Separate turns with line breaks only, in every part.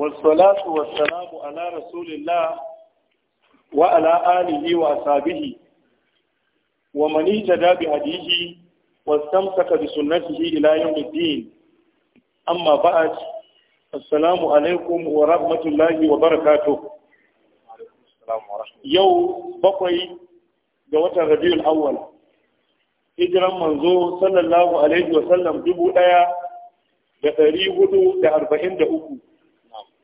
والصلاة والسلام على رسول الله وعلى آله وأصحابه ومن اهتدى بهديه واستمسك بسنته إلى يوم الدين أما بعد السلام عليكم ورحمة الله وبركاته يو بقي جوات الربيع الأول hijiran manzo صلى الله عليه وسلم ɗaya da ɗari hudu da arba'in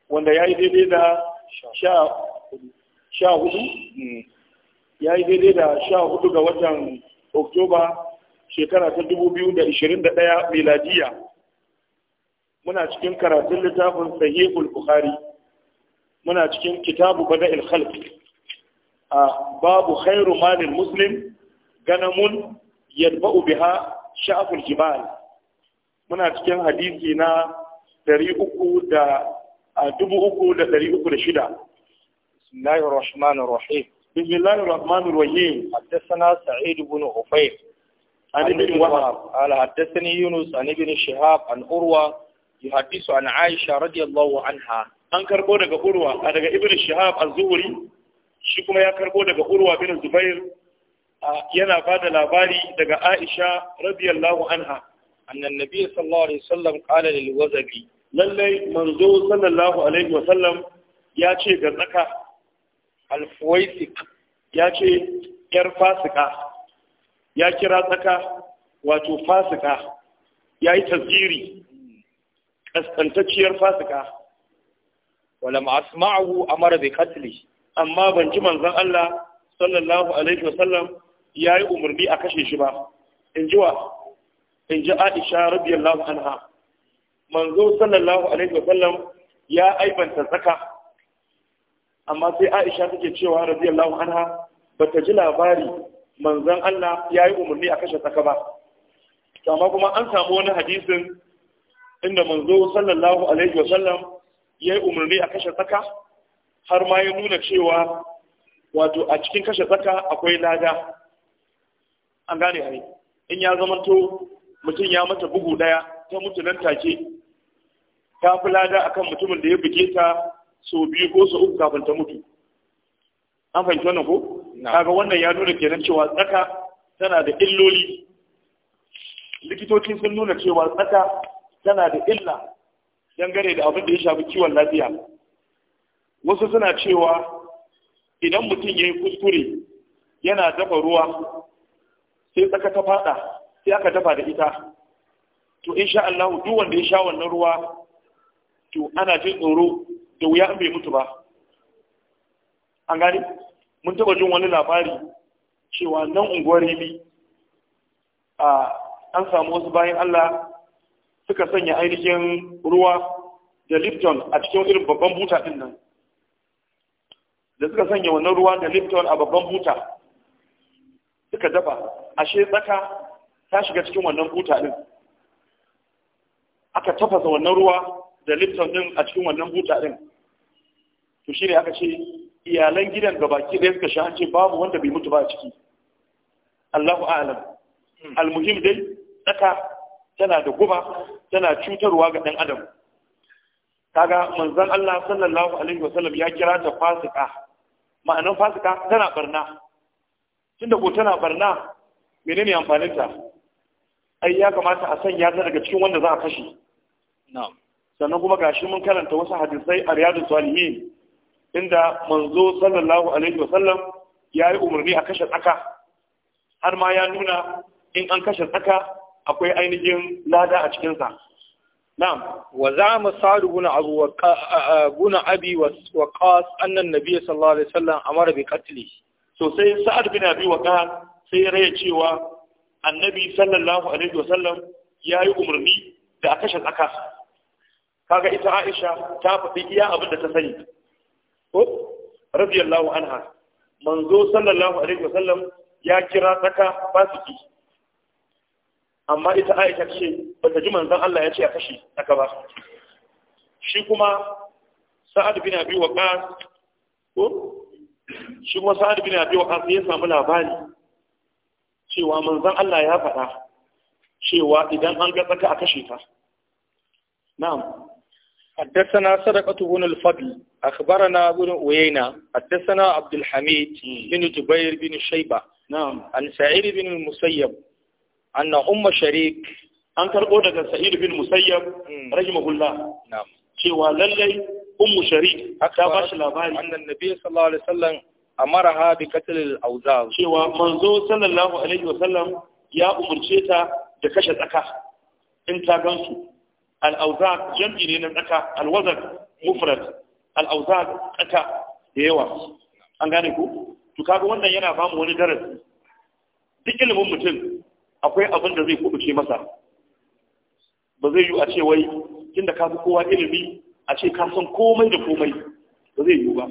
wanda ya yi daidai da sha hudu hmm. ya yi daidai da sha hudu ga watan oktoba shekara ta dubu biyu da ishirin da miladiya muna cikin karatun littafin sahihul bukhari muna cikin kitabu bada ilhalk a babu khairu malin muslim ganamun yadba'u biha sha'aful jibal muna cikin hadisi na ɗari uku da dubu uku da ɗari uku da shida. Bismillahir Rahmanir Rahim. Bismillahir عن ابن وهب قال حدثني يونس عن ابن شهاب عن أروى يحدث عن عائشة رضي الله عنها an karbo daga urwa a daga ibn shihab az-zuhri shi kuma ya karbo daga urwa bin zubair yana bada labari daga aisha radiyallahu anha annan nabi sallallahu alaihi wasallam qala lil lallai manzo sallallahu alaihi wasallam ya ce ga tsaka alfawaisik ya ce yar fasika ya kira tsaka wato fasika ya yi tasiri ƙasƙantacciyar fasika wala ma'asma'ahu amara bi qatli amma ban ji manzon Allah sallallahu alaihi wasallam yayi umarni a kashe shi ba in ji wa in ji Aisha radiyallahu anha manzo sallallahu alaihi wa sallam ya aibanta zaka amma sai Aisha take cewa radiyallahu anha bata ji labari manzon Allah ya yi umarni a kashe zaka ba To amma kuma an samu wani hadisin inda manzo sallallahu alaihi wa sallam ya yi umarni a kashe zaka har ma ya nuna cewa wato a cikin kashe zaka akwai lada an gane ne in ya zamanto mutum ya mata bugu daya ta mutu nan take ta fi lada akan mutumin da ya buge ta sau biyu ko sau uku kafin ta mutu an fahimci wannan ko kaga wannan ya nuna kenan cewa tsaka tana da illoli likitoci sun nuna cewa tsaka tana da illa dangane da abin da ya shafi kiwon lafiya wasu suna cewa idan mutum ya yi kuskure yana dafa ruwa sai tsaka ta fada sai aka dafa da ita to insha Allah duk wanda ya sha wannan ruwa to ana jin tsoro da wuya an bai mutu ba an gani mun taba jin wani labari cewa nan unguwar ribi a an samu wasu bayan Allah suka sanya ainihin ruwa da Lipton a cikin irin babban buta din nan da suka sanya wannan ruwa da Lipton a babban buta suka dafa ashe tsaka ta shiga cikin wannan buta din aka tafasa wannan ruwa da lipton din a cikin wannan buta din to shi ne aka ce iyalan gidan gabaki ɗaya suka sha babu wanda bai mutu ba a ciki Allahu a'lam hmm. almuhim dai tsaka tana da guba tana cutarwa ga ɗan adam kaga manzon Allah sallallahu alaihi wasallam ya kira ta fasika ma'anar fasika tana barna tunda ko tana barna menene amfaninta? ai ya kamata a sanya ta daga cikin wanda za a kashe na'am sannan kuma gashi mun karanta wasu hadisai a riyadu salihin inda manzo sallallahu alaihi wasallam ya yi umarni a kashe tsaka har ma ya nuna in an kashe tsaka akwai ainihin lada a cikinsa نعم وزعم سعد بن أبو وقا... بن أبي وقاص أن النبي صلى الله عليه وسلم أمر بقتله so sai sa'ad bin abi waqas sai raya cewa annabi sallallahu alaihi wasallam yayi umarni da a kashe tsaka kaga ita Aisha ta faɗi iya abin da ta sani ko radiyallahu anha manzo sallallahu alaihi wasallam ya kira tsaka fasiki amma ita Aisha ce bata ji manzon Allah ya ce a kashe tsaka ba shi kuma Sa'ad bin Abi Waqqas ko shi kuma Sa'ad bin Abi Waqqas ya samu labari cewa manzon Allah ya faɗa cewa idan an ga tsaka a kashe ta na'am حدثنا صدقة بن الفضل أخبرنا بن أوينا حدثنا عبد الحميد بن جبير بن شيبة نعم عن سعيد بن المسيب أن أم شريك an karɓo daga sa'id bin musayyab rahimahullah na'am cewa lallai ummu shari ta ba shi labari annan nabi sallallahu alaihi wasallam amaraha bi qatl al-awzaz cewa manzo sallallahu alaihi wasallam ya umurce ta da kashe tsaka in ta gansu al-awzaq jam'i ne na tsaka alwazar wazn mufrad al-awzaq tsaka da yawa an gane ku to wannan yana ba mu wani darasi duk ilimin mutum akwai abin da zai kubuce masa ba zai yi a ce wai tunda ka fi kowa ilimi a ce ka san komai da komai ba zai yi ba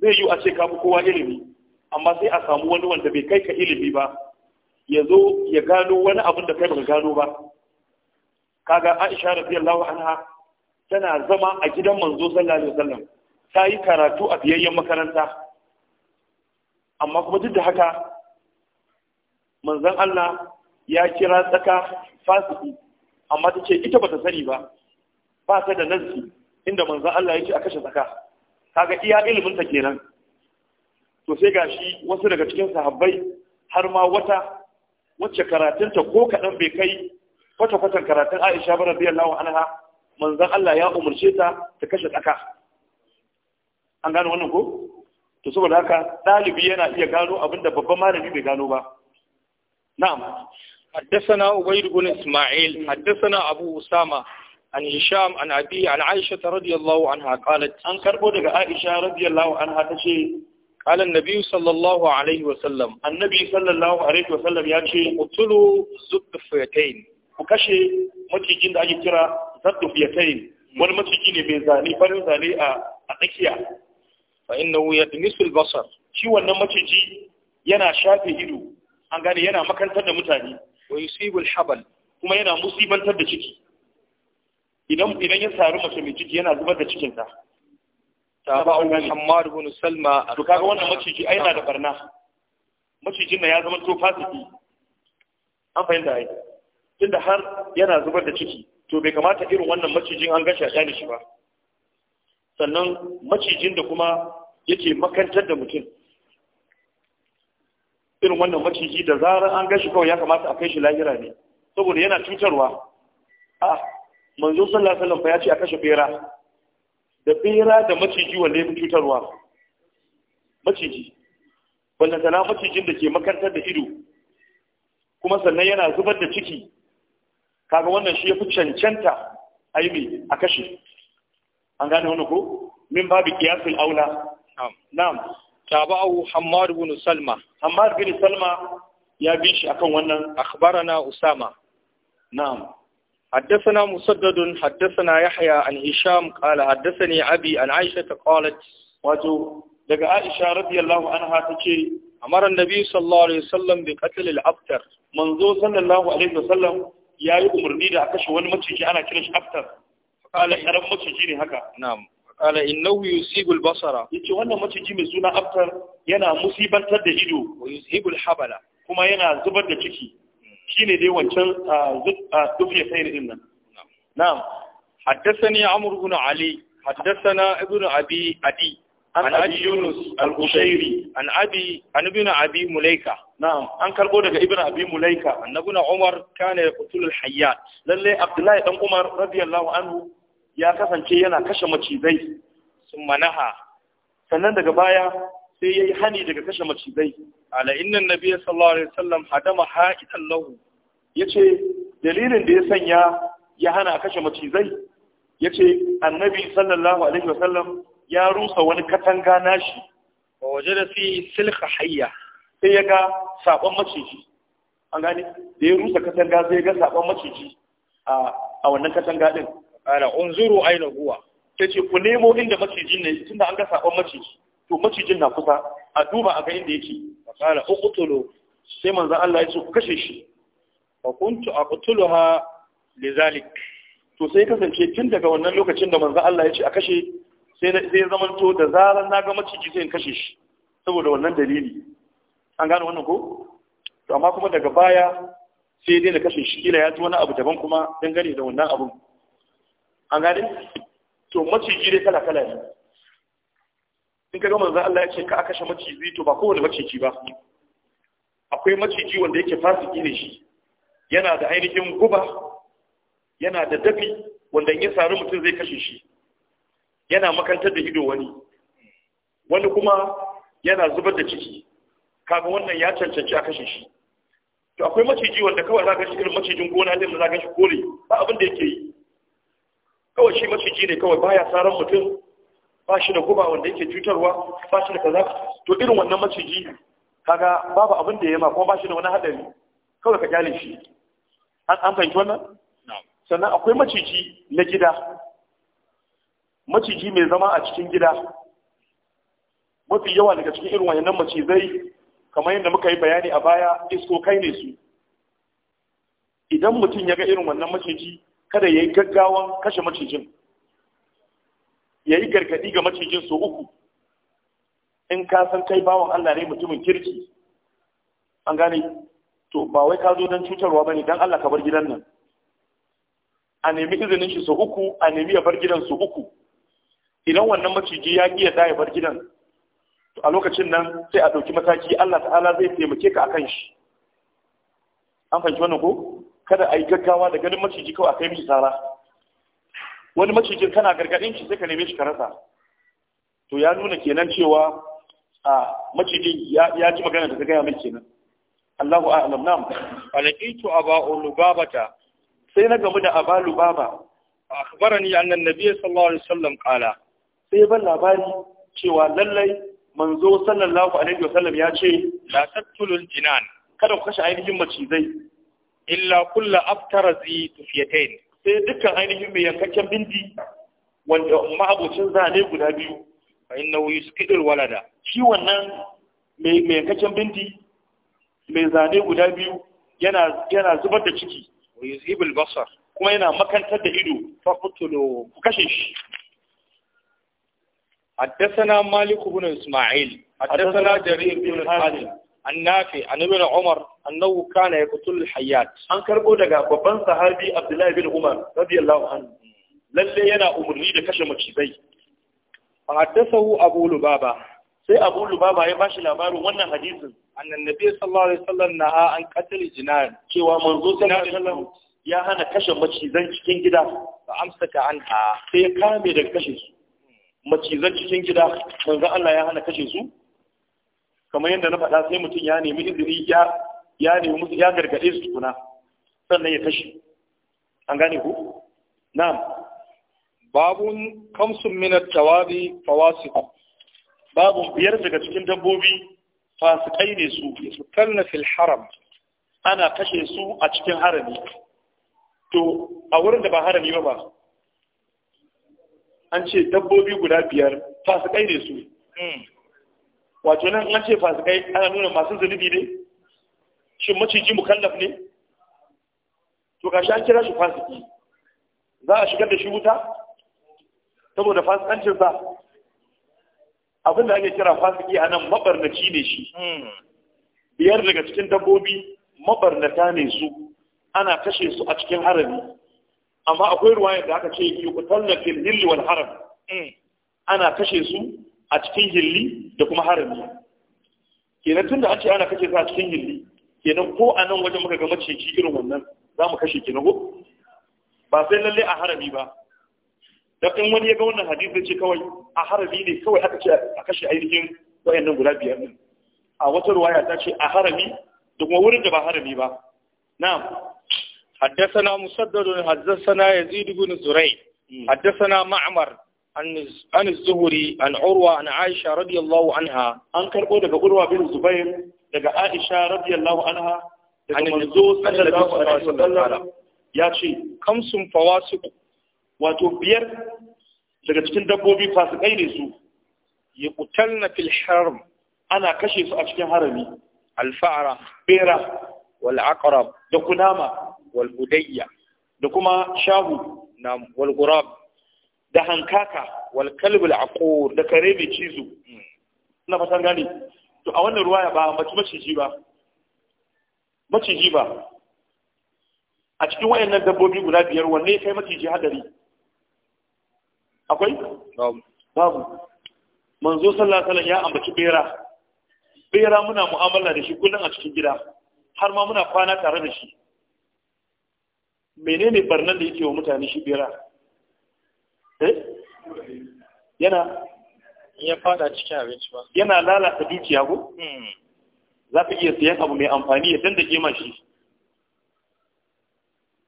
zai yi a ce ka fi kowa ilimi amma sai a samu wani wanda bai kai ka ilimi ba ya zo ya gano wani abin da kai baka gano ba kaga Aisha radiyallahu anha tana zama a gidan manzo sallallahu alaihi wasallam ta yi karatu a biyayyen makaranta amma kuma duk da haka manzon Allah ya kira tsaka fasiki amma ta ce ita bata sani ba ba ta da nazi inda manzon Allah yake a kashe tsaka kaga iya ilimin ta kenan to sai gashi wasu daga cikin sahabbai har ma wata wacce karatunta ko kaɗan bai kai kwata-kwatan karatun Aisha ba radiyallahu anha manzon Allah ya umarce ta ta kashe tsaka an gano wannan ko to saboda haka dalibi yana iya gano abinda babban malami bai gano ba na'am حدثنا عبيد بن إسماعيل حدثنا أبو أسامة عن هشام عن أبي عن عائشة رضي الله عنها قالت أن كربو دقى عائشة رضي الله عنها تشي قال النبي صلى الله عليه وسلم النبي صلى الله عليه وسلم يا شيء قتلوا زبفتين ku kashe macijin da ake kira zaddu yi. wani maciji ne mai zane farin zane a a tsakiya fa innahu yadmisu al-basar shi wannan maciji yana shafe ido an gane yana makantar da mutane wa yusibu habal kuma yana musibantar da ciki idan idan ya saru mace mai ciki yana zubar da cikin ta tabahu Muhammad ibn Salma to kaga wannan maciji ai na da barna macijin nan ya zama to fasiki an fahimta ai tunda har yana zubar da ciki to bai kamata irin wannan macijin an gashi a kyale shi ba sannan macijin da kuma yake makantar da mutum irin wannan maciji da zarar an gashi kawai ya kamata a kai shi lahira ne saboda yana cutarwa a manzo sallallahu alaihi wasallam ya ce a kashe bera da bera da maciji wanda fi cutarwa maciji wanda sana macijin da ke makantar da ido kuma sannan yana zubar da ciki kaga wannan shi ya fi cancanta a yi a kashe an gane wani ko min babu kiyasul aula na'am tabahu hammad bin salma hammad bin salma ya bi shi akan wannan akhbarana usama na'am حدثنا مسدد حدثنا يحيى عن هشام قال حدثني أبي عن عائشة قالت واتو daga Aisha radiyallahu anha tace amara annabi sallallahu alaihi wasallam bi qatl al-abtar manzo sallallahu alaihi wasallam ya yi umarni da a kashe wani maciji ana kiran shi aftar kala karan maciji ne haka na'am kala innahu yusibu al-basara yace wannan maciji mai suna aftar yana musibantar da ido wa habala kuma yana zubar da ciki shine dai wancan dufiya sai din nan na'am haddathani amr ibn ali haddathana ibn abi adi an abi yunus al-qushairi an abi an ibn abi mulaika na'am an karbo daga ibn abi mulaika umar kana yaqtul al-hayyat lalle abdullahi dan umar radiyallahu anhu ya kasance yana kashe macizai sun manaha sannan daga baya sai yayi hani daga kashe macizai ala inna nabiyya sallallahu alaihi wasallam hadama haqiqan lahu yace dalilin da ya sanya ya hana kashe macizai yace annabi sallallahu alaihi wasallam ya rusa wani katanga nashi a waje da fi silka hayya sai ya ga sabon maciji an gani da ya rusa katanga sai ya ga sabon maciji a wannan katanga din ala unzuru aina huwa sai ce ku nemo inda macijin ne tunda an ga sabon maciji to macijin na kusa a duba a ga inda yake ala uqtulu sai manzo Allah ya ce ku kashe shi fa kuntu aqtuluha lizalik to sai kasance tun daga wannan lokacin da manzo Allah ya ce a kashe sai zai zamanto da zarar na ga maciji sai in kashe shi saboda wannan dalili an gano wannan ko to amma kuma daga baya sai dai na kashe shi kila ya ji wani abu daban kuma dangane da wannan abun an gane to maciji dai kala kala ne in ka ga manzo Allah ya ce ka kashe maciji to ba kowane maciji ba akwai maciji wanda yake fasiki ne shi yana da ainihin guba yana da dafi wanda in ya sari mutum zai kashe shi yana makantar da ido wani wani kuma yana zubar da ciki kaga wannan ya cancanci a kashe shi to akwai maciji wanda kawai za ka shi irin macijin gona din da za ka shi kore ba abin da yake yi kawai shi maciji ne kawai baya saran mutum ba shi da guba wanda yake cutarwa ba shi da kaza to irin wannan maciji kaga babu abin da ya ma kuma ba shi da wani hadari kawai ka kyale shi an fahimci wannan sannan akwai maciji na gida maciji mai zama a cikin gida mafi yawa daga cikin irin wayannan macizai kamar yadda muka yi bayani a baya isko kai ne su idan mutum ya ga irin wannan maciji kada ya yi gaggawan kashe macijin ya yi gargadi ga macijin so uku in ka san kai bawan Allah ne mutumin kirki an gane to ba wai ka zo don cutarwa ba ne don Allah ka bar gidan nan a nemi izinin shi so uku a nemi ya bar gidan so uku idan wannan maciji ya ƙi yadda ya bar gidan a lokacin nan sai a ɗauki mataki Allah ta'ala zai taimake ka akan shi an fahimci wannan ko kada a yi gaggawa da ganin maciji kawai a kai mishi tsara wani macijin kana gargaɗin shi sai ka neme shi ka rasa to ya nuna kenan cewa a macijin ya ji magana da ta gaya mai kenan Allahu a'lam nam alaqitu aba ulubabata sai na gamu da aba lubaba akhbarani anna an-nabiy sallallahu alaihi wasallam qala sai ban labari cewa lallai manzo sallallahu alaihi wasallam ya ce la taqtulul jinan kada ku kashe ainihin macizai illa kullu aftarazi tufiyatain sai dukkan ainihin mai yankakken bindi wanda ma'abocin zane guda biyu fa innahu yuskidul walada shi wannan mai yankakken bindi mai zane guda biyu yana yana zubar da ciki wa yuzibul basar kuma yana makantar da ido fa kutulu ku kashe shi حدثنا مالك بن إسماعيل حدثنا جرير بن حازم النافي عن ابن عمر أنه كان يقتل الحيات أن كربو دقا ببن صحابي عبد الله بن عمر رضي الله عنه للي ينا أمرني دكش مجيبي فحدثه أبو لبابة sai abu lubaba ya bashi labarin wannan hadisin annan nabi sallallahu alaihi wasallam na an katil jinan cewa manzo sallallahu alaihi wasallam ya hana kashe macizan cikin gida ba amsaka anha sai ya kame daga macizan cikin gida manzo Allah ya hana kashe su kamar yadda na faɗa sai mutum ya nemi izini ya ya nemi musu ya gargaɗe su tukuna sannan ya kashe an gane ku na'am babun kamsun min tawabi fawasiq babu biyar daga cikin dabbobi fasikai ne su kalna fil haram ana kashe su a cikin harami to a wurin da ba harami ba ba an ce dabbobi guda biyar fasikai ne su hmm. wato nan an ce fasikai ana nuna masu zunubi ne shin maciji mukallaf ne to gashi an kira shi fasiki za a shigar da shi wuta saboda fasikancin sa abin da ake kira fasiki a nan mabarnaci ne shi hmm. biyar daga cikin dabbobi mabarnata ne su ana kashe su a cikin harami amma akwai ruwayar da aka ce yuqtalna fil hilli wal haram mm. ana kashe su a cikin hilli da kuma harami kenan tunda an ce ana kashe su a cikin hilli kenan ko a nan wajen muka ga maciji irin wannan za mu kashe kenan ko ba sai lalle a harami ba da in wani ya ga wannan hadisi ce kawai a harami ne kawai aka ce a kashe ainihin wayannan guda biyar din a wata ruwaya ta ce a harami da kuma wurin da ba harami ba na'am حدثنا مسدد حدثنا يزيد بن زريع حدثنا معمر عن الزهري عن عروة عن عائشة رضي الله عنها عن كربو دقى عروة بن الزبير دقى عائشة رضي الله عنها عن النزول صلى الله عليه وسلم يا شي خمس فواسق وتبير daga cikin dabbobi fasikai ne su ya kutalna fil haram ana kashe su a cikin harami alfa'ara bera wal aqrab da kunama walbudayya da kuma shahu na walgurab da hankaka wal kalbul aqur da kare mai cizo ina fatan gani to a wannan ruwaya ba mace maciji ba maciji ba a cikin wayannan dabbobi guda biyar wanne kai maciji hadari akwai babu manzo sallallahu alaihi ya ambaci bera bera muna mu'amala da shi kullum a cikin gida har ma muna kwana tare da shi menene barnan da yake wa mutane shi eh? yana ya fada cikin abinci ba yana lalata dukiya ko hmm. za ka iya siyan abu mai amfani ya dandake ma shi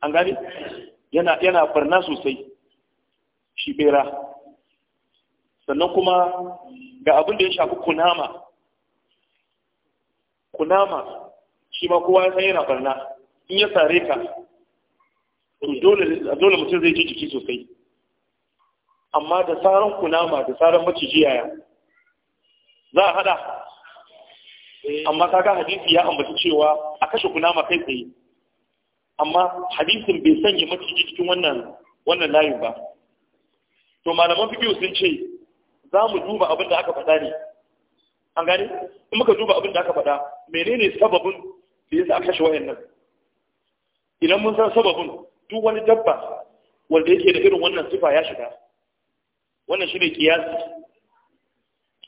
an gani yana yana barna sosai shi bera sannan kuma ga abin da ya shafi kunama kunama shi ma kowa ya san yana barna in ya sare ka dole mutum zai ji jiki sosai amma da tsaron kunama da tsaron maciji yaya za a hada eh. amma kaga hadisi ya ambaci cewa a kashe kunama kai tsaye amma hadisin bai sanya maciji cikin wannan wannan layin ba to malaman fikiyu sun ce za mu duba abin da aka faɗa ne an gane in muka duba abin da aka faɗa menene sababin da yasa aka kashe wayannan idan mun san sababin duk wani dabba wanda yake da irin wannan sifa ya shiga wannan shi ne kiyasi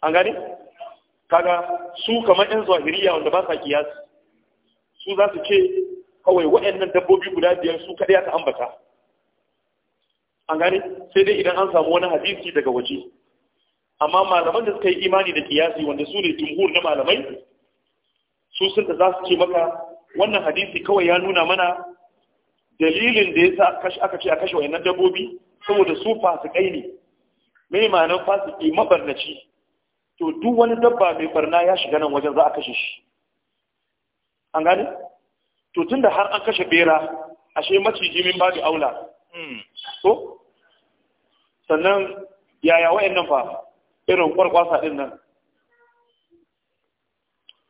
an gani, kaga su kamar yan zahiriya wanda ba sa kiyasi su za su ce kawai waɗannan dabbobi guda biyar su kaɗai aka ambata an gani, sai dai idan an samu wani hadisi daga waje amma malaman da suka yi imani da kiyasi wanda su ne jumhur na malamai su sun da za su ce maka wannan hadisi kawai ya nuna mana dalilin da ya sa aka ce a kashe wayannan dabbobi saboda su fasikai ne mai ma'anar fasiki mabarnaci to duk wani dabba mai barna ya shiga nan wajen za a kashe shi an gane to tunda har an kashe bera ashe maciji min babu aula so hmm. sannan yaya wayannan fa irin kwarkwasa din nan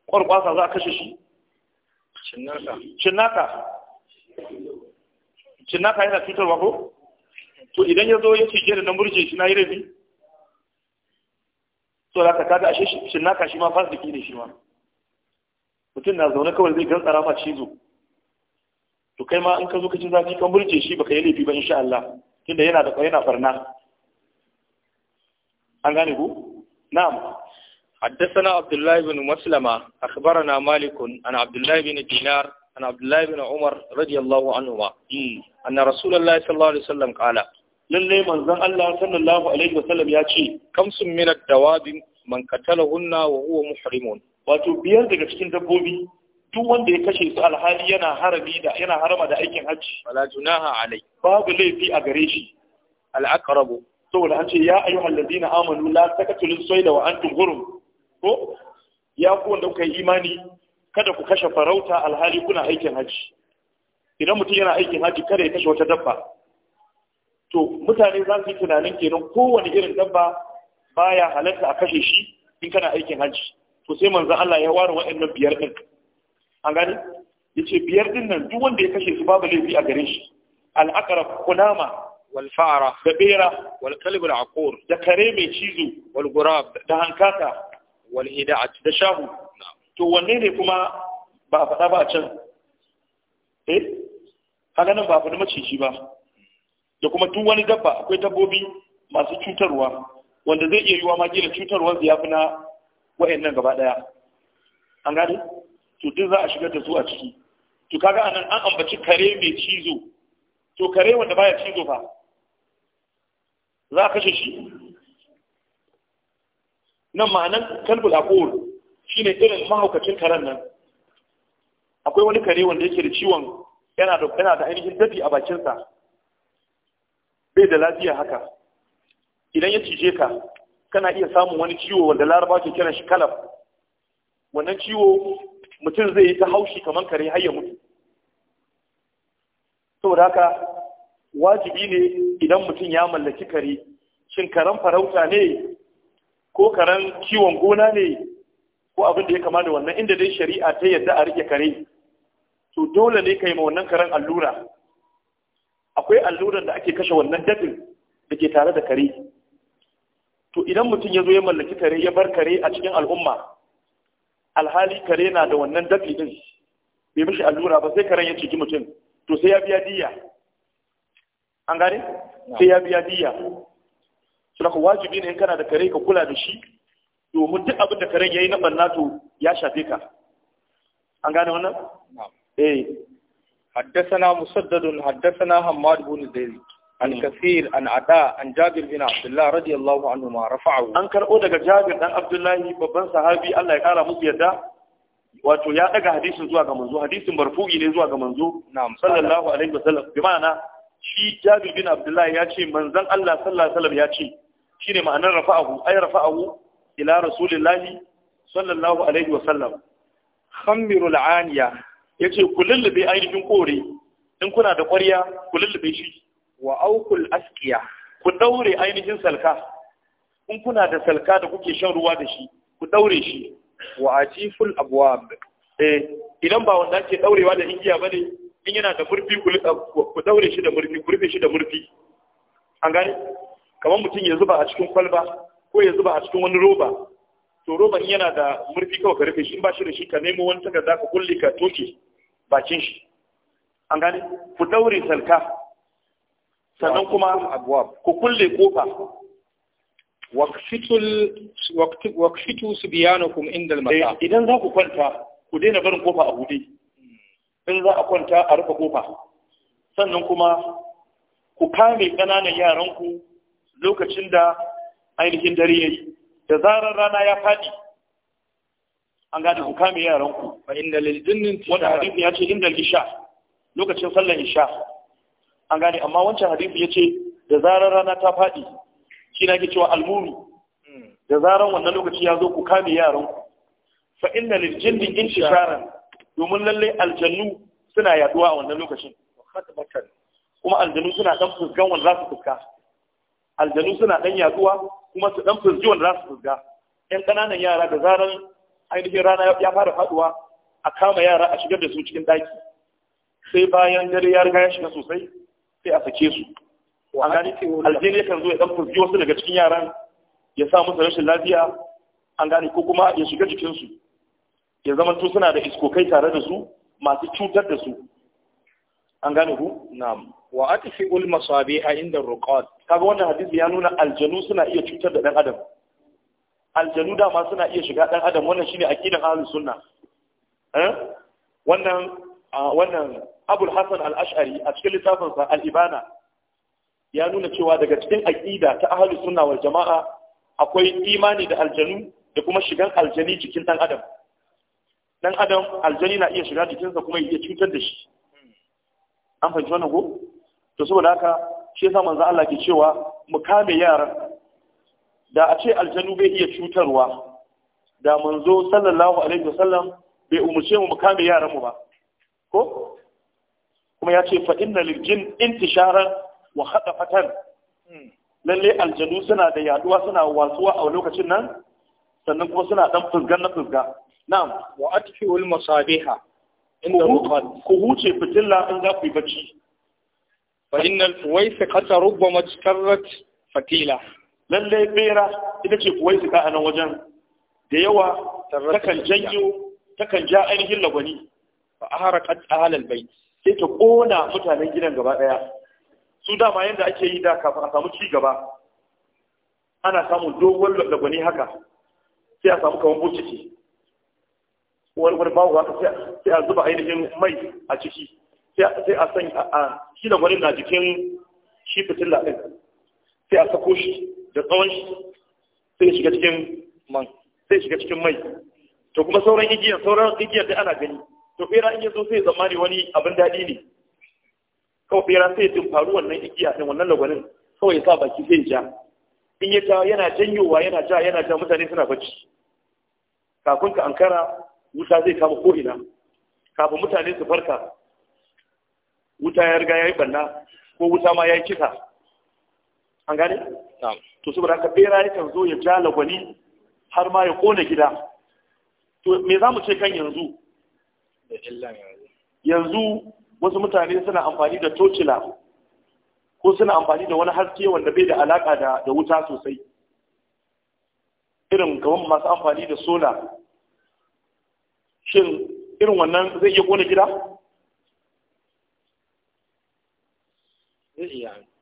kwarkwasa za a kashe shi cinnaka cinnaka cinnaka yana cutarwa ko to idan ya zo ya cije da nan murje shi na yi rabi to da ka kaga ashe ka shi ma fasiki ne shi ma mutum na zaune kawai zai gantsara ma cizo to kai ma in ka zo ka ci zafi kan murje shi baka yi laifi ba insha Allah tunda yana da kwayana farna an gane ku na'am حدثنا عبد الله بن مسلمة أخبرنا مالك عن عبد الله بن دينار عن Abdullahi bin Umar عمر رضي الله عنهما أن رسول الله صلى الله عليه وسلم قال lalle manzon Allah sallallahu alaihi wasallam ya ce kamsun min ad-dawabi man qatalahunna wa huwa muhrimun wato biyar daga cikin dabbobi duk wanda ya kashe su alhali yana harabi da yana harama da aikin hajji wala junaha alai babu laifi a gare shi al-aqrab saboda an ce ya ayyuhal ladina amanu la taqtulus sayda wa antum hurum ko ya ku wanda kuka yi imani kada ku kashe farauta alhali kuna aikin haji idan mutum yana aikin haji kada ya kashe wata dabba to mutane za su yi tunanin kenan kowane irin dabba baya halatta a kashe shi in kana aikin haji to sai manzo Allah ya ware wa'annan biyar din an gani yace biyar din nan duk wanda ya kashe su babu laifi a gare shi al-aqrab kunama wal fa'ra da bera wal kalb al-aqur da kare mai cizo wal gurab da hankaka wal hida'at da shahu to wanne ne kuma ba a faɗa ba a can eh kaga nan ba a faɗi maciji ba da kuma duk wani dabba akwai dabbobi masu cutarwa wanda zai iya yiwa ma kila cutarwar ya fi na nan gaba ɗaya. an gane to duk za a shigar da su a ciki to kaga anan an ambaci kare mai cizo to kare wanda baya cizo fa za a kashe shi nan ma'anan kalbul aqul Shi ne irin mahaukacin karen nan akwai wani kare wanda yake da ciwon yana da ainihin dafi a bakinsa bai da lafiya haka idan ya cije ka kana iya samun wani ciwo wanda laraba ke kiran shi kalaf wannan ciwo mutum zai yi ta haushi kamar kare har ya mutu saboda haka wajibi ne idan mutum ya mallaki kare shin karen farauta ne ko karen ciwon gona ne ko abin da ya kama da wannan inda dai shari'a ta yadda a rike kare to dole ne ka yi ma wannan karen allura akwai alluran da ake kashe wannan dafin da ke tare da kare to idan mutum ya zo ya mallaki kare ya bar kare a cikin al'umma alhali kare na da wannan dafi din bai mishi allura ba sai karen ya ciki mutum to sai ya biya diya an gane sai ya biya diya su wajibi ne in kana da kare ka kula da shi domin duk abin da karen yayi na banna to ya shafe ka an gane wannan eh حدثنا مسدد حدثنا حماد بن زيد عن كثير عن an عن جابر بن عبد الله رضي الله عنهما رفعه an karɓo daga Jabir ɗan Abdullahi babban sahabi Allah ya ƙara musu yadda wato ya daga hadisin zuwa ga manzo hadisin barfugi ne zuwa ga manzo na'am sallallahu alaihi wasallam bi ma'ana shi Jabir bin Abdullahi, ya ce manzon Allah sallallahu alaihi wasallam ya ce shine ma'anar rafa'ahu ay rafa'ahu ila rasulillahi sallallahu alaihi wasallam khammiru al'aniya yace ku lullube ainihin kore in kuna da ƙwarya ku lullube shi wa aukul askiya ku daure ainihin salka in kuna da salka da kuke shan ruwa da shi ku daure shi wa ajiful abwab eh idan ba wanda ake daurewa da igiya bane in yana da murfi ku rufe shi da murfi an gane kamar mutum ya zuba a cikin kwalba ko ya zuba a cikin wani roba to roba in yana da murfi kawai ka rufe shi ba shi da shi ka nemo wani takarda ka kulle ka toke bakin shi an gane ku daure salka sannan kuma ku kulle kofa waqfitu subyanakum inda al eh, idan za ku kwanta ku daina barin kofa a hude in za a kwanta a rufe kofa sannan kuma ku kame ƙananan yaranku lokacin da ainihin dare yayi da zarar rana ya faɗi an gane ku kame yaran ku fa inna lil wanda hadisi ya ce inda isha lokacin sallar isha an gane amma wancan hadisi ya ce da zarar rana ta faɗi shi na ke cewa almuru hmm. da zarar wannan lokaci ya zo ku kame yaran ku fa inna lil jinnin intisharan domin lalle aljannu suna yaduwa a wannan lokacin kuma aljanu suna dan fuskan wanda za su fuska aljanu suna dan yaduwa kuma su dan fuzgi wanda za su fuzga yan ƙananan yara da zaran ainihin rana ya fara faduwa a kama yara a shigar da su cikin daki sai bayan dare ya riga ya shiga sosai sai a sake su a gani kan zo ya dan fuzgi wasu daga cikin yaran ya sa musu rashin lafiya an gane ko kuma ya shiga jikinsu ya zama to suna da iskokai tare da su masu cutar da su an gane ku na'am wa atfi ul masabi a inda ruqat kaga wannan hadisi ya nuna aljanu suna iya cutar da dan adam aljanu dama suna iya shiga dan adam wannan shine aqidan ahlus sunna eh wannan wannan abul hasan al-ash'ari a cikin litafin sa al-ibana ya nuna cewa daga cikin aqida ta ahlus sunna wal jama'a akwai imani da aljanu da kuma shigan aljani cikin dan adam dan adam aljani na iya shiga jikinsa kuma iya cutar da shi an fahimci wannan ko to saboda haka shi yasa manzo Allah ke cewa mu kame yaran da a ce aljanu bai iya cutarwa da manzo sallallahu alaihi wasallam bai umurce mu mu kame yaran mu ba ko kuma ya ce fa inna lil jin intisharan wa hadafatan hmm. lalle aljanu suna da yaduwa suna wasuwa a lokacin nan sannan kuma suna dan fusgan na fusga na'am wa atfi'ul masabiha inda ku huce fitilla in za ku yi bacci Wai innal fuwaisiqata rubbama istarrat fatila lalle bera ita ce fuwaisiqa a nan wajen da yawa takan janyo takan ja ainihin lagwani ba fa aharaqat ahlal bai. sai ta ƙona mutanen gidan gaba ɗaya. su dama yadda ake yi da kafin a samu ci gaba ana samun dogon lagwani haka sai a samu kamar bukiti wani wani bawo haka sai a zuba ainihin mai a ciki sai a san kila gwanin na jikin shi fitilla ɗin sai a sako shi da tsawon shi sai shiga cikin man sai shiga cikin mai to kuma sauran igiyar sauran igiyar da ana gani to bera in yazo sai ya zamani wani abin daɗi ne kawai bera sai ya faru wannan igiya ɗin wannan lagwanin kawai ya sa baki sai ja in ya ja yana janyowa yana ja yana ja mutane suna bacci kafin ka ankara wuta zai kama ko'ina kafin mutane su farka wuta ya riga ya yi banna ko wuta ma ya yi kisa an gane? to bada ka bera yakan zo ya ja lagwani har ma ya kone gida to me za mu ce kan yanzu yanzu wasu mutane suna amfani da tocila ko suna amfani da wani haske wanda bai da alaka da wuta sosai irin kamar masu amfani da sola shin irin wannan zai iya kone gida?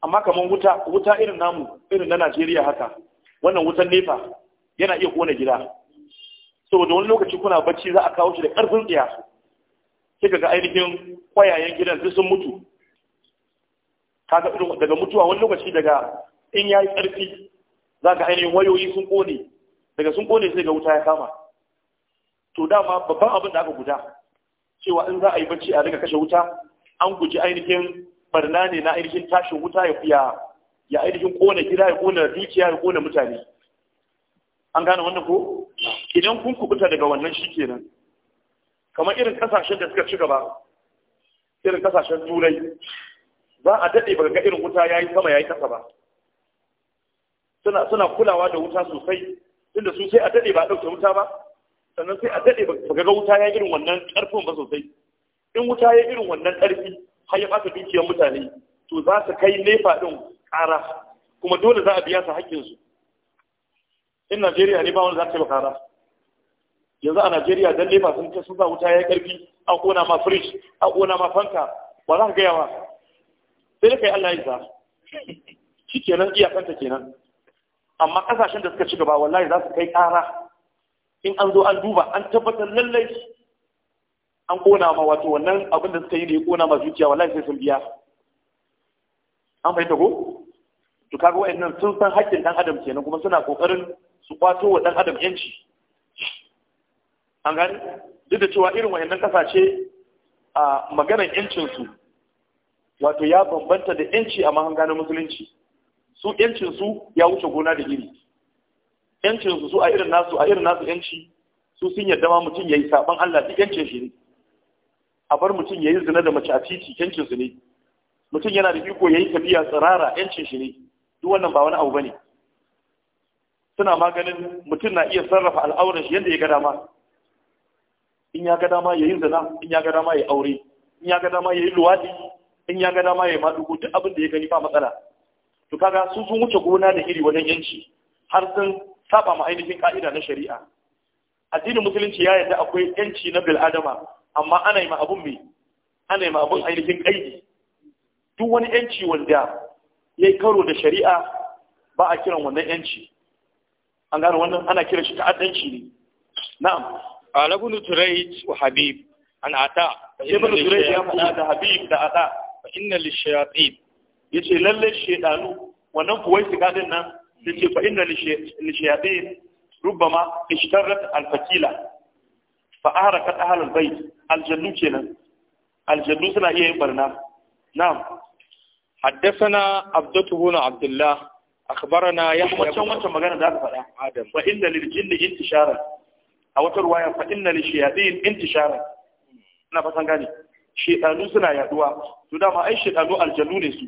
amma kamar wuta wuta irin namu irin na Najeriya haka wannan wutan nefa yana iya kona gida saboda wani lokaci kuna bacci za a kawo shi da karfin tsiya sai ga ainihin kwayayen gidan sun mutu kaga daga mutuwa wani lokaci daga in yayi karfi za ka ainihin wayoyi sun kone daga sun kone sai ga wuta ya kama to dama babban abin da aka guda cewa in za a yi bacci a riga kashe wuta an guji ainihin barna ne na ainihin tashin wuta ya fiya ya ainihin kona gida ya kona dukiya ya kona mutane an gane wannan ko idan kun kubuta daga wannan shikenan kamar irin kasashen da suka ci gaba irin kasashen turai za a daɗe ba ga irin wuta yayi sama yayi kasa ba suna suna kulawa da wuta sosai tunda su sai a daɗe ba a ɗauke wuta ba sannan sai a daɗe ba ga wuta yayi irin wannan ƙarfin ba sosai in wuta yayi irin wannan ƙarfi har ya fasa dukiyar mutane to za su kai nefa ɗin ƙara kuma dole za a biya su haƙƙinsu in najeriya ne ba wanda za ta yi ƙara yanzu a najeriya don nefa sun ta sun sa wuta ya ƙarfi an ƙona ma fridge an ƙona ma fanka ba za ka gaya ba sai da kai allah ya sa shi kenan iyakanta kenan amma ƙasashen da suka ci gaba wallahi za su kai ƙara in an zo an duba an tabbatar lallai an kona ma wato wannan abin da suka yi da ya kona ma zuciya wallahi sai sun biya an fahimta ko to kaga wa'annan sun san haƙƙin dan adam kenan kuma suna kokarin su kwato wa dan adam yanci an gani duk da cewa irin wa'annan kasashe a maganar yancin su wato ya bambanta da yanci a mahangar musulunci su yancin su ya wuce gona da iri yancin su a irin nasu a irin nasu yanci su sun yarda ma mutum yayi saban Allah duk yancin shi ne a bar mutum ya yi zina da mace a titi yancin su ne mutum yana da iko ya yi tafiya tsirara yancin shi ne duk wannan ba wani abu ba ne suna maganin mutum na iya sarrafa al'auran shi yadda ya ga dama in ya ga dama ya yi zina in ya ga dama ya aure in ya ga dama ya yi luwaɗi in ya ga dama ya yi madugu duk abin da ya gani ba matsala to kaga sun sun wuce gona da iri wajen yanci har sun saba ma ainihin ka'ida na shari'a addinin musulunci ya yarda akwai yanci na bil'adama amma ana yi ma abun mai ana yi ma abun ainihin kaidi duk wani yanci wanda ya yi karo da shari'a ba a kiran wannan yanci an gano wannan ana kiran shi ta'addanci ne na'am alabunu turait wa habib an ata ibnu turait ya faɗa da habib da ata fa inna lishayatin yace lalle shedanu wannan kuwai siga din nan yace fa inna lishayatin rubbama ishtarat alfakila fa'ara ka ɗahar bai aljannu kenan aljannu suna iya yin barna na haddasana abdatu bin abdullah akhbarana yahya wannan wata magana da aka faɗa adam wa inna lil jinni intishara a wata ruwaya fa inna lil shayatin intishara ina fasan gane shedanu suna yaduwa to dama ai shedanu aljannu ne su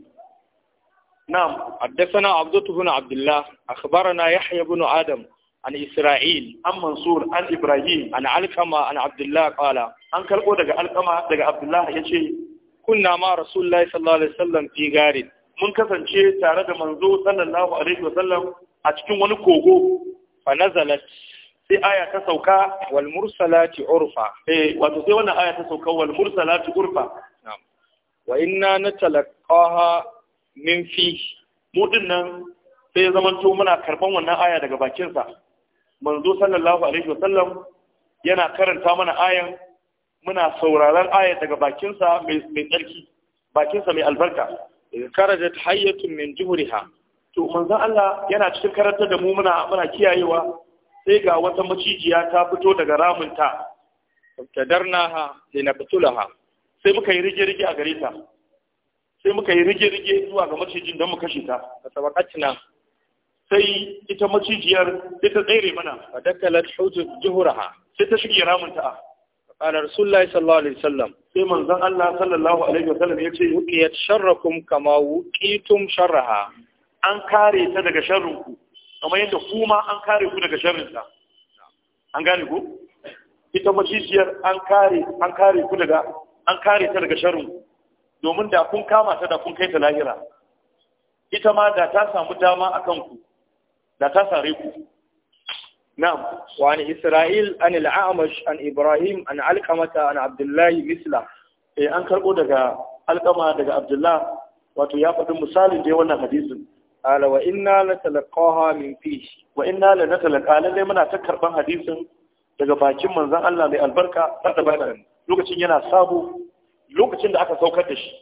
na haddasana abdatu bin abdullah akhbarana yahya bin adam an Isra'il an Mansur an Ibrahim an Alkama an Abdullah qala an karbo daga Alkama daga Abdullah ce. kunna ma Rasulullahi sallallahu alaihi wasallam fi garin mun kasance tare da manzo sallallahu alaihi wasallam a cikin wani kogo fa nazalat sai aya ta sauka wal mursalati urfa eh wato sai wannan aya ta sauka wal mursalati urfa wa inna natalaqaha min fi mu dinnan sai ya zamanto muna karban wannan aya daga bakinsa manzo sallallahu alaihi wasallam yana karanta mana ayan muna sauraron ayan daga bakinsa mai tsarki bakinsa mai albarka karajat hayyatun min juhriha to manzo Allah yana cikin karanta da mu muna muna kiyayewa sai ga wata macijiya ta fito daga ramunta tadarnaha linabtulaha sai muka yi rige-rige a gare ta sai muka yi rige-rige zuwa ga macijin don mu kashe ta a sabakatina sai ita macijiyar sai ta tsere mana A dakalat hujud juhuraha sai ta shige ramunta qala rasulullahi sallallahu alaihi wasallam sai manzon Allah sallallahu alaihi wasallam ya ce yuqiyat sharrakum kama wuqitum sharraha an kare ta daga ku. kamar yadda kuma an kare ku daga sharrinta an gane ku ita macijiyar an kare an kare ku daga an kare ta daga ku. domin da kun kama ta da kun kai ta lahira ita ma da ta samu dama akan ku da ta tsari ku. Nam, wani Isra’il, an al’amash, an Ibrahim, an alkamata, an Abdullahi Misla, e an karɓo daga alkama daga Abdullah, wato ya faɗi misalin dai wannan hadisin. Ala wa inna la talaqaha min fihi wa inna la natalaqa lalle muna ta karban hadisin daga bakin manzon Allah mai albarka fata lokacin yana sabo lokacin da aka saukar da shi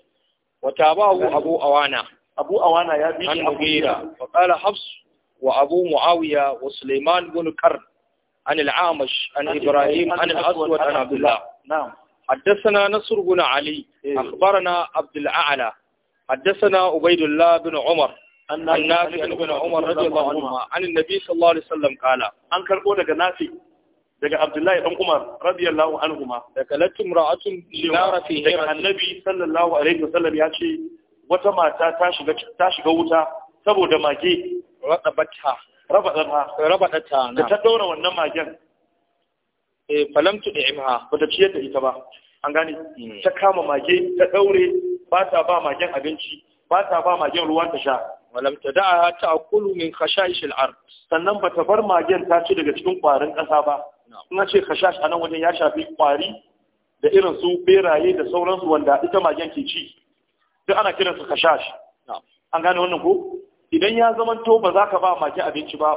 wa tabahu abu awana abu awana ya bi an gira وأبو معاوية وسليمان بن كرب عن العامش عن إبراهيم عن الأسود عن عبد الله نعم حدثنا نصر بن علي أخبرنا عبد الأعلى حدثنا عبيد الله بن عمر عن نافع بن عمر رضي الله عنهما عن النبي صلى الله عليه وسلم قال أن كربو لك نافع daga Abdullahi dan Umar radiyallahu anhuma daga latum ra'atun nara fi hira annabi sallallahu alaihi wasallam ya ce wata mata ta shiga ta shiga wuta saboda mage raɗabata rabaɗata da ta ɗora wannan magen Eh, falamtu da imha ba ta ciyar da ita ba an gane hmm. ta kama mage ta daure ba ta ba magen abinci ba ta ba magen ruwan ta sha walam ta da'a ta akulu min khashash al-ard sannan ba ta bar magen ta ci daga cikin kwarin ƙasa ba in ce khashash a nan wajen ya shafi kwari da irin su beraye da sauransu wanda ita magen ke ci duk ana kiransu khashash an gane wannan ko idan ya to ba za ka ba mage abinci ba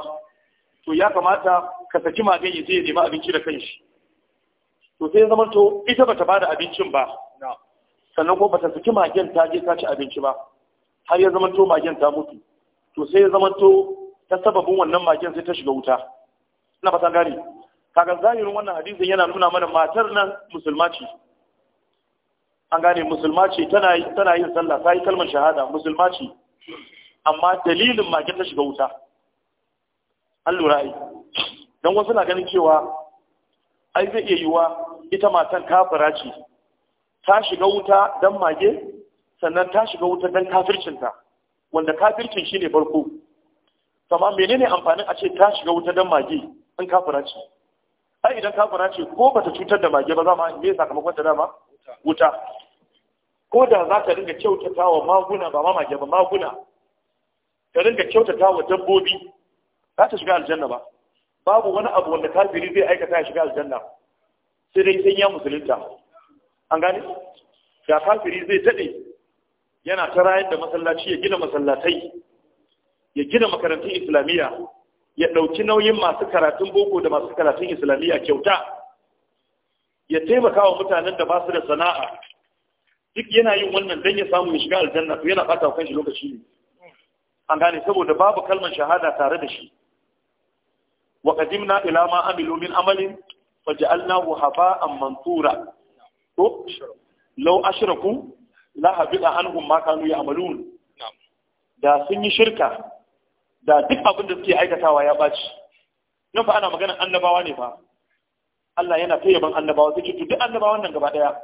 to ya kamata ka saki magen ya je ya nemi abinci da kanshi to sai ya to ita ba ta ba da abincin ba sannan ko ba ta saki magen ta je ta ci abinci ba har ya to magen ta mutu to sai ya to ta sababin wannan magen sai ta shiga wuta ina fata gane kaga zahirin wannan hadisin yana nuna mana matar nan musulma ce an gane musulma ce tana yin sallah ta yi kalmar shahada musulma ce amma dalilin magen ta shiga wuta an lura yi. don wasu na ganin cewa ai zai iya yiwa ita matan kafira ce ta shiga wuta don mage sannan ta shiga wuta don kafircinta wanda kafircin shi ne farko Sama menene amfanin a ce ta shiga wuta don mage in kafira ce ai idan kafira ce ko bata cutar da mage ba za ma me sakamakon ta dama wuta ko da za ka dinga kyautata wa maguna ba ma mage ba maguna ka ringa kyautata wa dabbobi za ta shiga aljanna ba babu wani abu wanda kafiri zai aikata ya shiga aljanna sai dai sai ya musulunta an gane da kafiri zai daɗe yana ta rayar da masallaci ya gina masallatai ya gina makarantun islamiyya ya ɗauki nauyin masu karatun boko da masu karatun islamiyya kyauta ya taimaka wa mutanen da ba su da sana'a duk yana yin wannan don ya samu ya shiga aljanna to yana fata kan shi lokaci ne an gane saboda babu kalmar shahada tare da shi wa qadimna ila ma amilu min amalin faj'alnahu haba'an mansura to law ashraku la habida anhum ma kanu ya'malun da sun yi shirka da duk abin da suke aikatawa ya baci nan fa ana maganar annabawa ne fa Allah yana ta yaban annabawa suke to duk annabawan nan gaba daya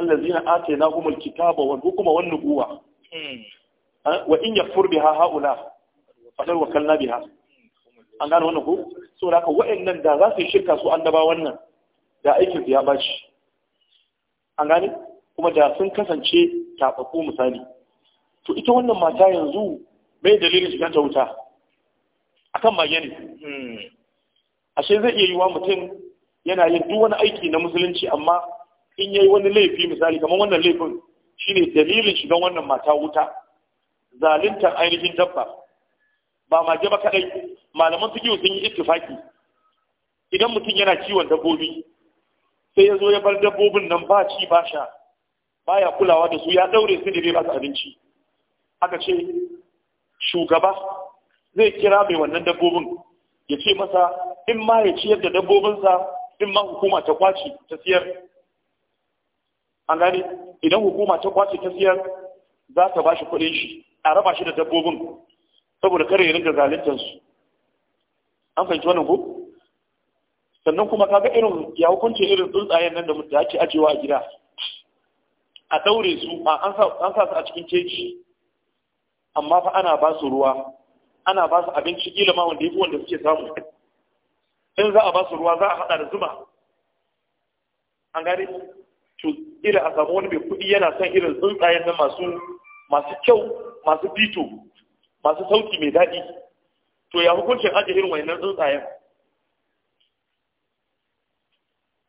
allazina atainahumul kitaba wal hukma wan nubuwa hmm. Eh, wa in yakfur biha haula fadar wakalna biha an gano wannan ko saboda haka wa'annan da za su yi shirka su annaba wannan da aikin ya baci an gane kuma da sun kasance tababbu misali to ita wannan mata yanzu mai dalilin shiga ta wuta akan mage ne hmm. ashe zai iya yiwa mutum yana yin duk wani aiki na musulunci amma in yayi wani laifi misali kamar wannan laifin shine dalilin shigan wannan mata wuta zaluntar ainihin dabba ba mage ba kadai malaman fikihu sun yi ittifaki idan mutum yana kiwon dabbobi sai ya zo ya bar dabbobin nan ba ci ba sha baya kulawa da su ya daure su da bai ba su abinci aka ce shugaba zai kira mai wannan dabbobin ya ce masa in ma ya ciyar da dabbobinsa in ma hukuma ta kwace ta siyar an gani idan hukuma ta kwace ta siyar za ta ba shi kuɗin shi a raba shi da dabbobin saboda kare ya rinka zaluntar an fahimci wannan ko sannan kuma kaga irin ya hukunce irin tsuntsayen nan da mutum ake ajewa a gida a daure su an sa su a cikin keji amma fa ana ba su ruwa ana ba su abinci kila ma wanda fi wanda suke samu in za a ba su ruwa za a hada da zuma an gane to irin a samu wani mai kuɗi yana son irin tsuntsayen nan masu masu kyau masu bito masu sauki mai daɗi to ya hukuncin ajiye irin wayannan tsuntsayen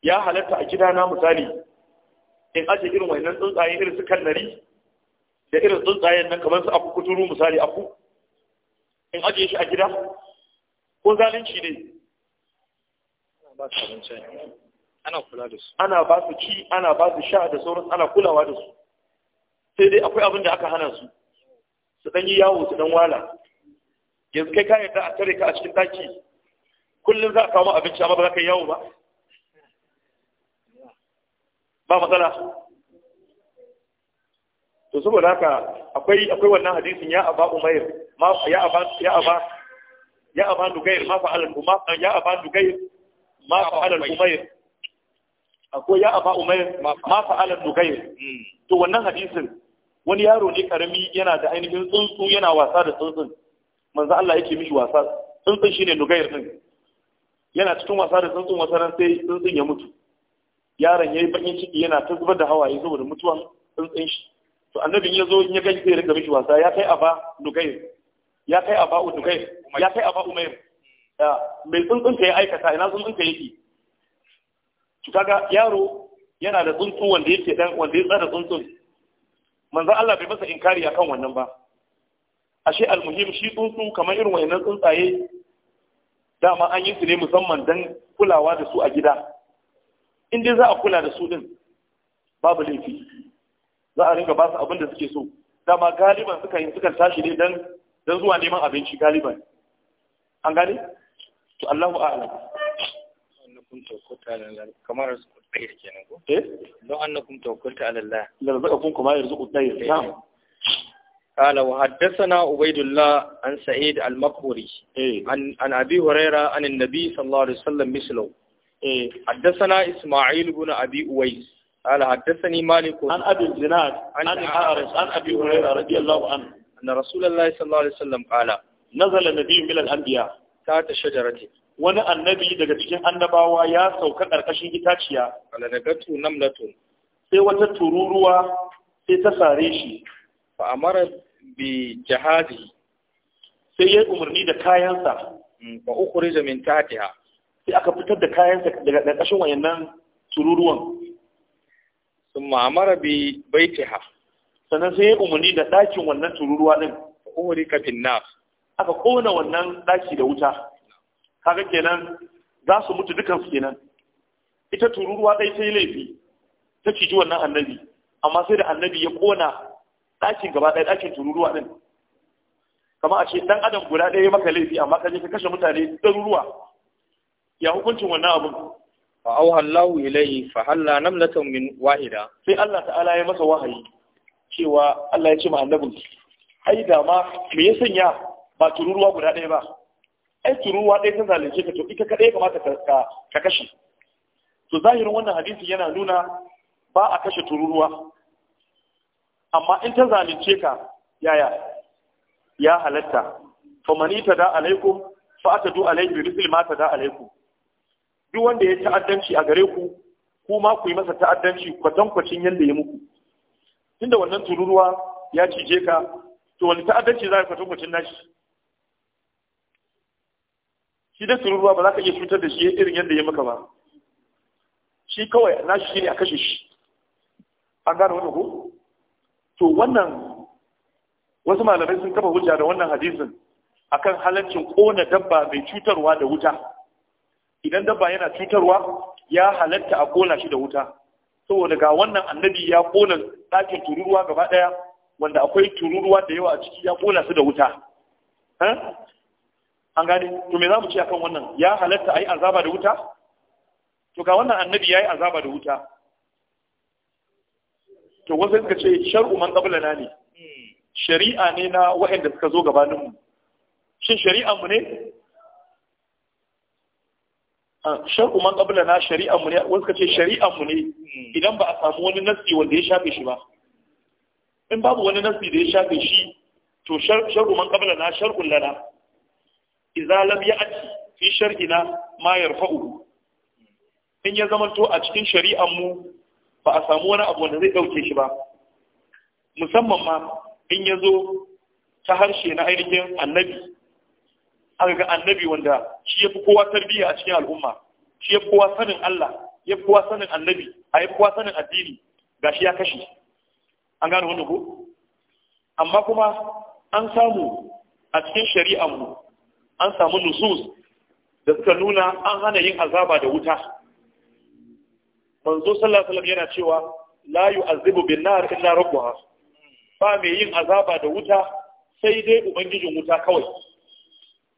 ya halatta a gidana misali in ajiye irin wayannan tsuntsayen irin su kannari da irin tsuntsayen nan kamar su afu kuturu misali ku? in ajiye shi a gida ko zalunci ne ana kula da su ana ba su ci ana ba su sha da sauran ana kulawa da su sai dai akwai abin da aka hana su su dan yi yawo su dan wala yanzu kai ka yarda a tare ka a cikin daki kullum za a kawo abinci amma ba za ka yi yawo ba ba matsala to saboda haka akwai akwai wannan hadisin ya aba umair ma ya aba ya aba ya aba nugair ma fa'al kuma ya aba nugair ma fa'al umair akwai ya aba umair ma fa'al nugair hmm. to wannan hadisin wani yaro ne karami yana da ainihin tsuntsu yana wasa da tsuntsun manzo Allah yake mishi wasa tsuntsun shine nugayar din yana cikin wasa da tsuntsun wasa ran sai tsuntsun ya mutu yaron yayi bakin ciki yana ta zubar da hawaye saboda mutuwan tsuntsun shi to annabi ya zo in ya gani sai ya rika mishi wasa ya kai aba nugayar ya kai aba nugayar ya kai aba umayr mai tsuntsun ka ya aikata ina tsuntsun ka yake to kaga yaro yana da tsuntsu wanda yake dan wanda ya tsara tsuntsun manzon Allah bai masa inkari akan wannan ba ashe almuhim shi tsuntsu kamar irin wayannan tsuntsaye dama an yi su ne musamman dan kulawa da su a gida in dai za a kula da su din babu laifi za a ringa ba su abin da suke so dama galiban suka yi suka tashi ne dan dan zuwa neman abinci galiban an gane to Allahu a'lam kamar tsaye kenan ko eh don annakum tawakkaltu ala Allah la razaqakum kama yarzuqu tsaye na'am قال وحدثنا عبيد الله عن سعيد المقبري عن عن ابي هريره عن النبي صلى الله عليه وسلم مثله حدثنا اسماعيل بن ابي اويس قال حدثني مالك عن ابي الزناد عن الاعرج عن ابي هريره رضي الله عنه ان رسول الله صلى الله عليه وسلم قال نزل النبي من الانبياء تحت شجره wani annabi daga cikin annabawa ya sauka ƙarƙashin itaciya nan namlatun sai wata tururuwa sai ta sare shi fa amara bi jihadi sai ya umarni da kayansa Ba mm, uku ukhrija min tahtiha sai aka fitar da kayansa daga ƙarƙashin wayannan tururuwan thumma mara bi baitiha sannan sai ya umarni da ɗakin wannan tururuwa din fa uhrika bin aka kona wannan ɗaki da wuta kaga kenan za su mutu dukansu kenan ita tururuwa dai ta laifi ta ciji wannan annabi amma sai da annabi ya kona ɗakin gaba ɗaya ɗakin tururuwa ɗin Kamar a ce ɗan adam guda ɗaya maka laifi amma ka je ka kashe mutane ɗaruruwa ya hukuncin wannan abin fa auha Allahu ilayhi fa halla namlatan min wahida sai Allah ta'ala ya masa wahayi cewa Allah ya ce ma annabin ai da ma me ya sanya ba tururuwa guda ɗaya ba aiki ruwa ɗaya ta zalunce ka to ita kaɗai kamata ka kashe to zahirin wannan hadisi yana nuna ba a kashe tururuwa amma in ta zalunce ka yaya ya halatta famani ta da alaikum fa aka du alaihi bisul ma ta da alaikum duk wanda ya ta'addanci a gare ku kuma ku yi masa ta'addanci kwatankwacin yadda ya muku tunda wannan tururuwa ya cije ka to wani ta'addanci za ka kwatankwacin nashi shi dai tururuwa ba za ka iya cutar da shi irin yadda ya maka ba shi kawai na shi ne a kashe shi an gano wani ko to wannan wasu malamai sun kafa hujja da wannan hadisin akan halaccin kona dabba mai cutarwa da wuta idan dabba yana cutarwa ya halatta a kona shi da wuta saboda ga wannan annabi ya kona ɗakin tururuwa gaba ɗaya wanda akwai tururuwa da yawa a ciki ya kona su da wuta an gane to me za mu ce akan wannan ya halatta a yi azaba da wuta to ga wannan annabi ya yi azaba da wuta to wasu suka ce shar'u man na ne shari'a ne na waɗanda suka zo gabaninmu shin mu ne shar'u man na mu ne wasu suka ce mu ne idan ba a samu wani nasi wanda ya shafe shi ba in babu wani nasi da ya shafe shi to shar'u man na shar'un lana idza lam ya'ti fi shar'ina ma yarfa'u in ya zamanto a cikin shari'ar mu ba a samu wani abu wanda zai dauke shi ba musamman ma in ya zo ta harshe na ainihin annabi aka ga annabi wanda shi ya fi kowa tarbiyya a cikin al'umma shi ya fi kowa sanin Allah ya fi kowa sanin annabi a ya fi kowa sanin addini gashi ya kashe an gane wannan ko amma kuma an samu a cikin shari'ar mu an samu nusus da suka nuna an hana yin azaba da wuta manzo sallallahu alaihi yana cewa la yu'azibu bin nar illa rabbuha ba mai yin azaba da wuta sai dai ubangijin wuta kawai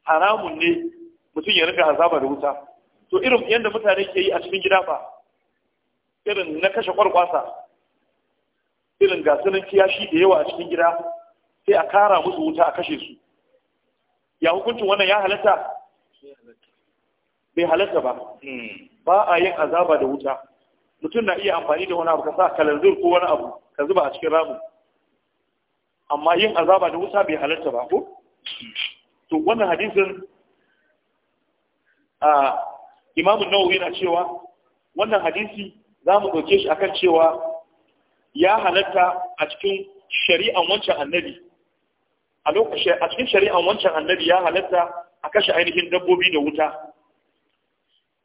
haramun ne mutum ya rika azaba da wuta to irin yanda mutane ke yi a cikin gida fa irin na kashe kwarkwasa irin gasunan kiyashi da yawa a cikin gida sai a kara musu wuta a kashe su ya hukuncin wannan ya halatta bai halatta ba hmm. ba a yin azaba da wuta mutum na iya amfani da wani abu ka sa kalanzir ko wani abu ka zuba a cikin ramin amma yin azaba da wuta bai halatta ba ko to wannan hadisin a imamu nawawi yana cewa wannan hadisi za mu ɗauke shi akan cewa ya halatta a cikin shari'an wancan annabi a lokacin a cikin shari'an wancan annabi ya halatta a kashe ainihin dabbobi da wuta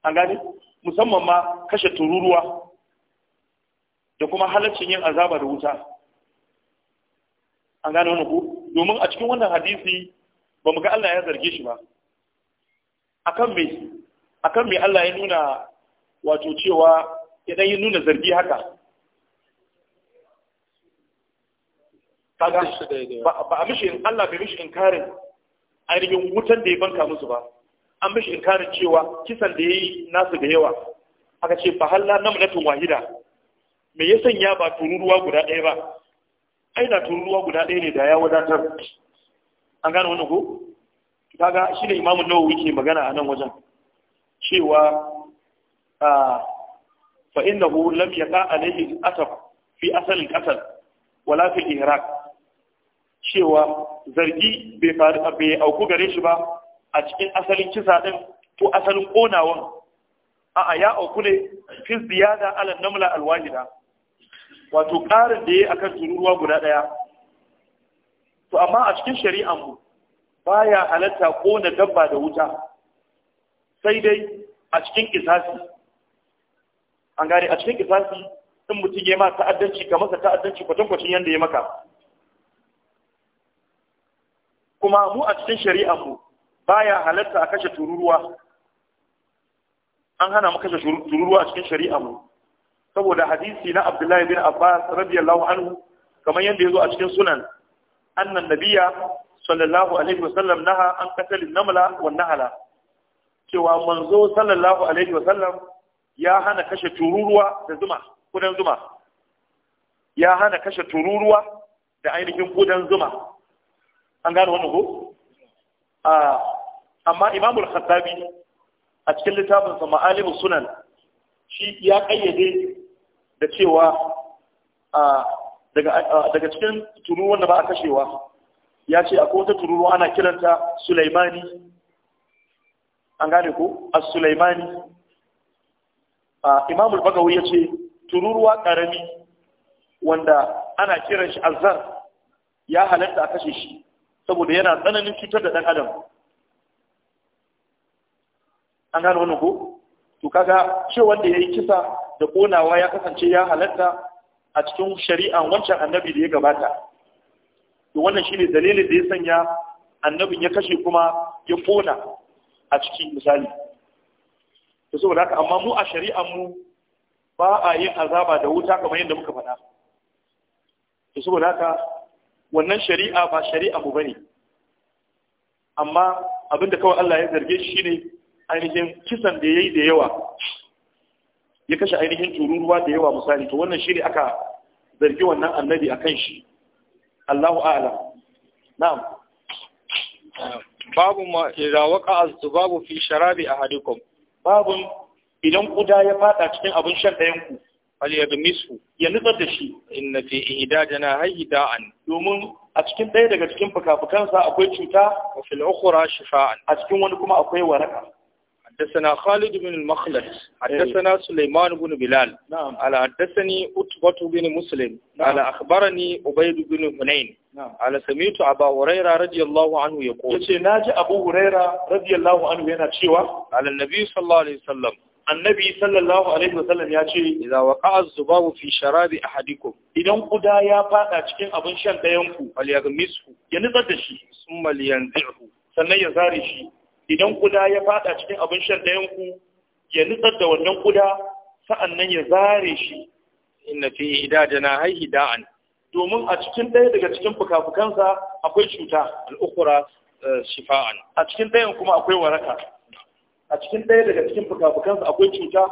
an gani musamman ma kashe tururuwa da kuma halaccin yin azaba da wuta an gani wani ku domin a cikin wannan hadisi ba mu ga Allah ya zarge shi ba akan me akan me Allah ya nuna wato cewa idan ya nuna zargi haka kaga ba a mishi Allah bai mishi inkarin ainihin wutan da ya banka musu ba an mishi inkarin cewa kisan da ya yi nasu da yawa aka ce fa halla namlatun wahida me ya sanya ba tururuwa guda ɗaya ba ai da tururuwa guda ɗaya ne da ya wadatar an gane wani ko kaga shi ne imamu nawawi ke magana a nan wajen cewa fa innahu lam yaqa alayhi al-asaf fi asal qatl wala fi ihraq cewa zargi bai auku gare shi ba a cikin asalin kisa din ko asalin a a'a ya auku ne fi ziyada ala namla alwahida wato ƙarin da ya akan tururuwa guda ɗaya to amma a cikin shari'an mu ya halatta ƙona dabba da wuta sai dai a cikin kisasi an gane a cikin kisasi in mutum ya ma ta'addanci ka masa ta'addanci kwatankwacin yadda ya maka kuma mu a cikin shari'a mu ya halatta a kashe tururuwa an hana mu kashe tururuwa a cikin shari'a mu saboda hadisi na Abdullahi bin Abbas radiyallahu anhu kamar yadda yazo a cikin sunan annan nabiya sallallahu alaihi wasallam naha an qatala namla wa nahala cewa manzo sallallahu alaihi wasallam ya hana kashe tururuwa da zuma kudan zuma ya hana kashe tururuwa da ainihin kudan zuma an gane wannan ko ah, amma imamul khattabi a cikin littafinsa ma'alimu sunan shi ya ƙayyade da cewa ah, ah, daga cikin turuwan da ba a kashewa ya ce akwai wata turuwa ana kiranta sulaimani an gane ko a sulaimani imamul bagawi ya ce tururuwa ƙarami wanda ana kiran shi azar ya halatta a kashe shi saboda yana tsananin cutar da ɗan adam an gano wani ko to kaga ce wanda yi kisa da ƙonawa ya kasance ya halatta a cikin shari'an wancan annabi da ya gabata to wannan shine dalilin da ya sanya annabin ya kashe kuma ya ƙona a cikin misali to saboda haka amma mu a shari'an mu ba a yin azaba da wuta kamar yadda muka faɗa to saboda haka wannan shari'a ba shari'a mu bane amma abinda kawai Allah ya zarge shi ne ainihin kisan da yayi da yawa ya kashe ainihin tururuwa da yawa misali to wannan shine aka zargi wannan annabi akan shi Allahu a'lam na'am babu ma idza waqa az-zubabu fi sharabi ahadikum babu idan kuda ya fada cikin abin shan ɗayan ku fal yadmisu ya nutsar da shi inna fi ihdajana hayda'an domin a cikin ɗaya daga cikin fukafukansa akwai cuta wa fil ukhra shifa'an a cikin wani kuma akwai waraka حدثنا خالد بن المخلد حدثنا سليمان بن بلال نعم على حدثني عتبة بن مسلم نعم. على أخبرني عبيد بن هنين نعم على سمعت أبا هريرة رضي الله عنه يقول يتي ناجي أبو هريرة رضي الله عنه هنا تشيوا على النبي صلى الله عليه وسلم annabi sallallahu alaihi wasallam ya ce idza waqa'a zubabu fi sharabi ahadikum idan kuda ya fada cikin abin shan dayan ku falyagmisku ya nitsar da shi summa liyanzihu sannan ya zare shi idan kuda ya fada cikin abin shan dayan ku ya nitsar da wannan kuda sa'annan ya zare shi inna fi idadana hay hida'an domin a cikin ɗaya daga cikin fukafukansa akwai cuta al'ukura eh, shifa'an a cikin ɗayan kuma akwai waraka a cikin ɗaya daga cikin fukafukansa akwai cuta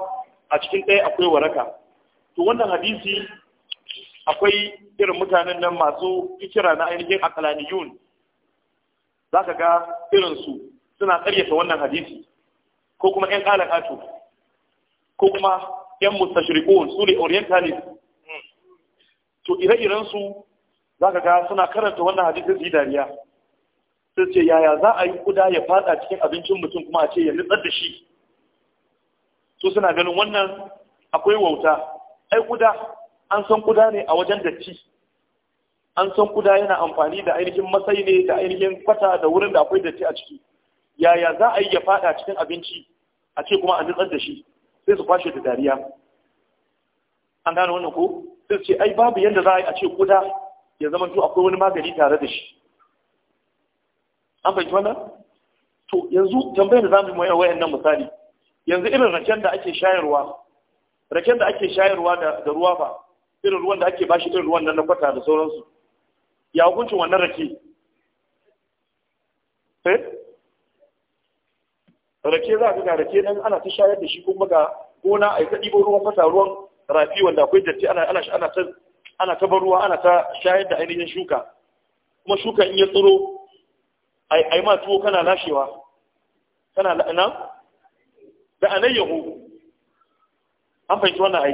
a cikin ɗaya akwai waraka to wannan hadisi akwai irin mutanen nan masu fikira na ainihin akalaniyun za ka ga irinsu suna karyata wannan hadisi ko kuma 'yan ato. ko kuma 'yan mustashirikun su ne orientalist to ire-irensu za ka ga suna karanta wannan hadisi su yi dariya sai ce yaya za a yi kuda ya fada cikin abincin mutum kuma a ce ya nutsar da shi su suna ganin wannan akwai wauta ai kuda an san kuda ne a wajen datti an san kuda yana amfani da ainihin matsayi ne da ainihin kwata da wurin da akwai datti a ciki yaya za a yi ya fada cikin abinci a ce kuma a nutsar da shi sai su kwashe da dariya an gane wannan ko sai ce ai babu yadda za a yi a ce kuda ya zama to akwai wani magani tare da shi an fahimci wannan to yanzu tambayar da zamu yi wayan nan misali yanzu irin raken da ake shayarwa raken da ake shayarwa da ruwa ba irin ruwan da ake bashi irin ruwan nan na kwata da sauransu ya hukuncin wannan rake eh rake za ka ga rake nan ana ta shayar da shi kuma ga gona a yi ta ɗibo ruwan kwata ruwan rafi wanda akwai datti ana ana ana ta ana ta ruwa ana ta shayar da ainihin shuka kuma shuka in ya tsiro ai ma tuwo kana lashewa kana la'ana da alayyahu an fahimci wannan ai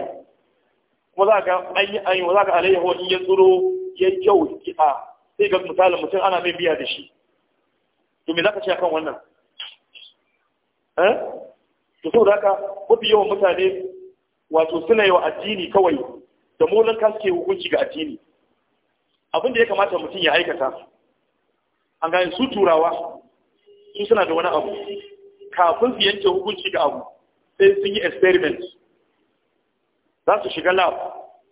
kuma za ka ai ai za ka alayyahu in ya tsuro ya kyau a sai ga misalin mutum ana mai biya da shi to me ka ce akan wannan eh to da ka mafi yawan mutane wato suna yi wa addini kawai da molan ka suke hukunci ga addini abin da ya kamata mutum ya aikata an su turawa su suna da wani abu kafin su yanke hukunci ga abu sai sun yi experiment za su shiga lab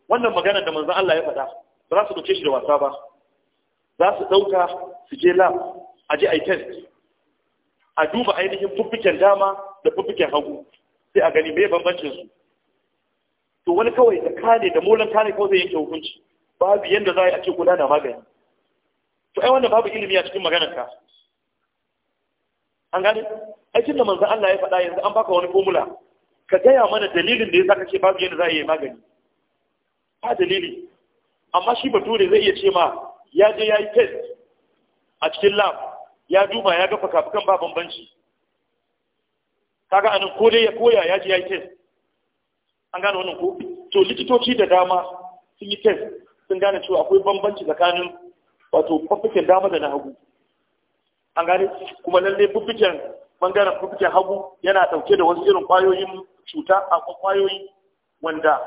wannan magana da manzan Allah ya faɗa ba za su ɗauke shi da wasa ba za su ɗauka su je lab a je a test a duba ainihin fuffiken dama da fuffiken hagu sai a gani mai bambancin su to wani kawai da kane da molan kane kawai zai yanke hukunci babu yadda za a ce guda na magani to ai wanda babu ilimi a cikin maganar ka an gane aikin da manzan Allah ya faɗa yanzu an baka wani formula ka gaya mana dalilin da ya saka ce babu yadda za a yi magani ba dalili amma shi bature zai iya ce ma ya je ya yi test a cikin lab ya duba ya ga fakafukan ba bambanci kaga anan ko dai ya koya ya je ya yi test an gane wannan ko to likitoci da dama sun yi test sun gane cewa akwai bambanci tsakanin wato fafikin dama da na hagu an gane kuma lalle fafikin bangaren fafikin hagu yana dauke da wasu irin kwayoyin cuta a kwayoyi wanda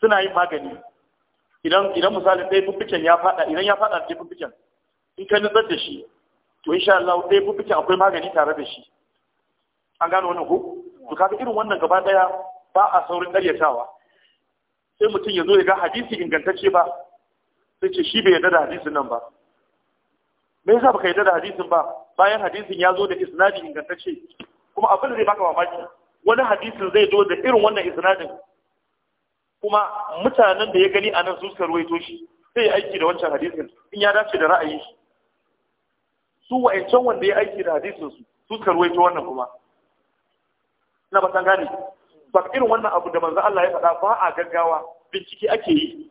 suna yin magani idan idan misalin ɗaya fafikin ya fada idan ya fada ɗaya fafikin in ka nutsar da shi to insha Allah ɗaya fafikin akwai magani tare da shi an gane wannan ko to kaga irin wannan gaba daya ba a saurin ƙaryatawa sai mutum ya zo ya ga hadisi ingantacce ba sai ce shi bai yarda da hadisin nan ba me yasa baka yarda da hadisin ba bayan hadisin ya zo da isnadi ingantacce kuma abin da zai baka mamaki wani hadisin zai zo da irin wannan isnadin kuma mutanen da ya gani a nan su suka ruwaito shi sai ya aiki da wancan hadisin in ya dace da ra'ayin shi su wa'ancan wanda ya aiki da hadisin su su suka ruwaito wannan kuma ina ba san gane ba irin wannan abu da manzo Allah ya faɗa ba a gaggawa bincike ake yi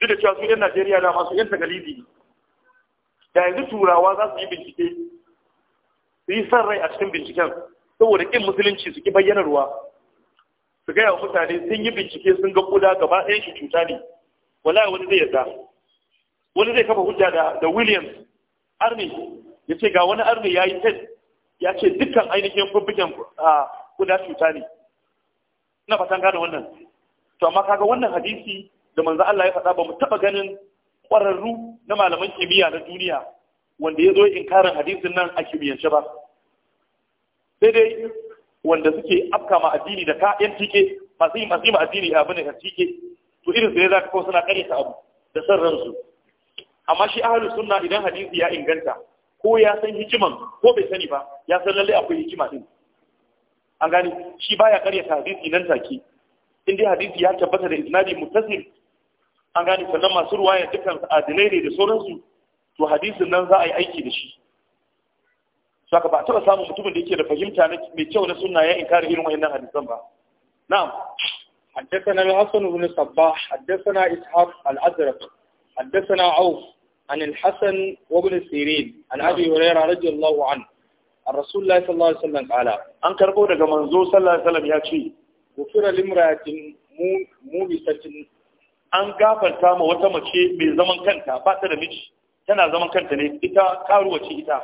duk da cewa su ɗan Najeriya da masu 'yan tagalibi ne da yanzu turawa za su yi bincike su yi san rai a cikin binciken saboda ƙin musulunci su ki bayyanarwa su gaya wa mutane sun yi bincike sun ga kuda gaba ɗayan shi cuta ne wala wani zai yarda wani zai kafa hujja da da Williams Arne ya ce ga wani Arne ya yi test ya ce dukkan ainihin fubbikin kuda cuta ne na fatan gada wannan to amma kaga wannan hadisi da manzo Allah ya faɗa ba mu taɓa ganin ƙwararru na malaman kimiyya na duniya wanda ya zo inkarin hadisin nan a kimiyyance ba sai dai wanda suke afka ma addini da ka yan tike masu yi masu yi addini abu ne ka tike to irin sai za ka kawo suna ƙaryata abu da san ransu amma shi ahlus sunna idan hadisi ya inganta ko ya san hikiman ko bai sani ba ya san lalle akwai hikima din an gani shi baya ƙaryata hadisi nan take in dai hadisi ya tabbata da isnadi muttasil an gane sannan masu ruwaya dukkan adilai ne da sauransu to hadisin nan za a yi aiki da shi saka ba taɓa samun mutumin da yake da fahimta mai kyau na sunna ya inkari irin wannan hadisan ba na'am حدثنا الحسن بن صباح حدثنا إسحاق الأزرق حدثنا عوف عن الحسن وابن سيرين عن أبي هريرة رضي الله عنه الرسول الله صلى الله عليه وسلم قال أن كربو دغ صلى الله عليه وسلم يا شي غفر لامرأة موبسة an gafarta ma wata mace mai zaman kanta ba ta da miji tana zaman kanta ne ita karuwa ce ita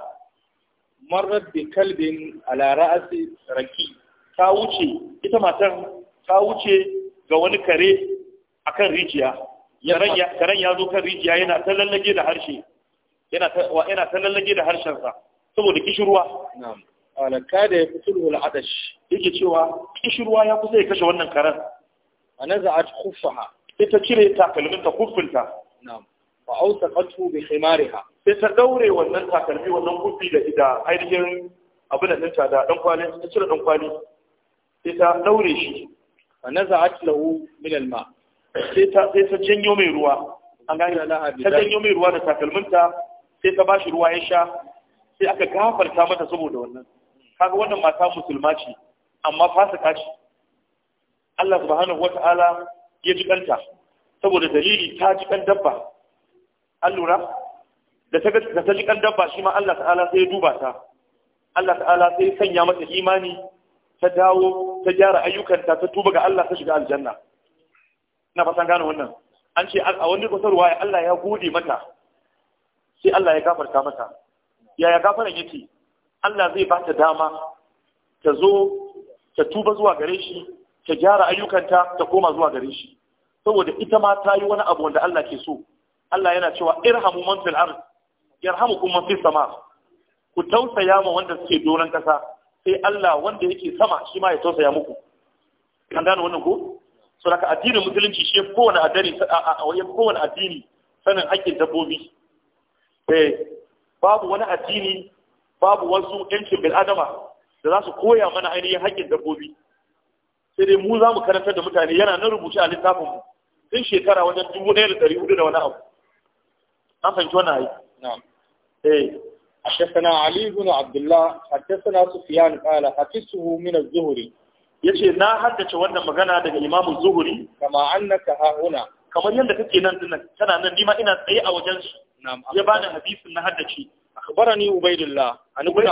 marar da kalbin a ra'asi raki ta wuce ita matar ta wuce ga wani kare a kan rijiya karen ya zo kan rijiya yana ta lallage da harshe yana ta lallage da harshensa saboda kishirwa alaka da ya fito da adash yake cewa kishirwa ya kusa ya kashe wannan karen a naza'at khuffaha sai ta cire takalminta kufinta fa awsaqathu bi ha sai ta daure wannan takalmi wannan kufi da ida ainihin abin da ninta da dan kwali ta cire dan kwali sai ta daure shi fa naza'at lahu min al-ma sai ta sai ta janyo mai ruwa an gani ta janyo mai ruwa da takalminta sai ta bashi ruwa ya sha sai aka gafarta mata saboda wannan kaga wannan mata musulma ce amma fasika ce Allah subhanahu wata'ala ya ji kanta saboda dalili ta ji kan dabba an lura da ta ji kan dabba shi ma Allah ta'ala sai ya duba ta Allah ta'ala sai sanya mata imani ta dawo ta gyara ayyukanta ta tuba ga Allah ta shiga aljanna ina fatan gane wannan an ce a wani kusarwa ya Allah ya gode mata sai Allah ya gafarta mata yaya gafaran yake Allah zai ba ta dama ta zo ta tuba zuwa gare shi ta gyara ayyukanta ta koma zuwa gare shi saboda ita ma ta yi wani abu wanda Allah ke so Allah yana cewa irhamu man fil ard yarhamukum man fis sama ku tausaya ma wanda suke doron kasa sai Allah wanda yake sama shi ma ya tausaya muku kan gane wannan ko so addinin musulunci shi kowane addini kowane addini sanin haƙƙin dabbobi eh babu wani addini babu wasu yancin bil'adama da za su koya mana ainihin haƙƙin dabbobi sai dai mu za mu karantar da mutane yana nan rubuce a littafin mu tun shekara wajen dubu ɗaya da ɗari hudu da wani abu an fahimci wannan ayi eh حدثنا علي بن عبد الله حدثنا سفيان قال حفظه من الزهري yace na haddace wannan magana daga Imam zuhuri kama annaka hauna kamar yadda kake nan tana nan nima ina tsaye a wajen su ya bani hadisin na haddace أخبرني عبيد الله عن ابن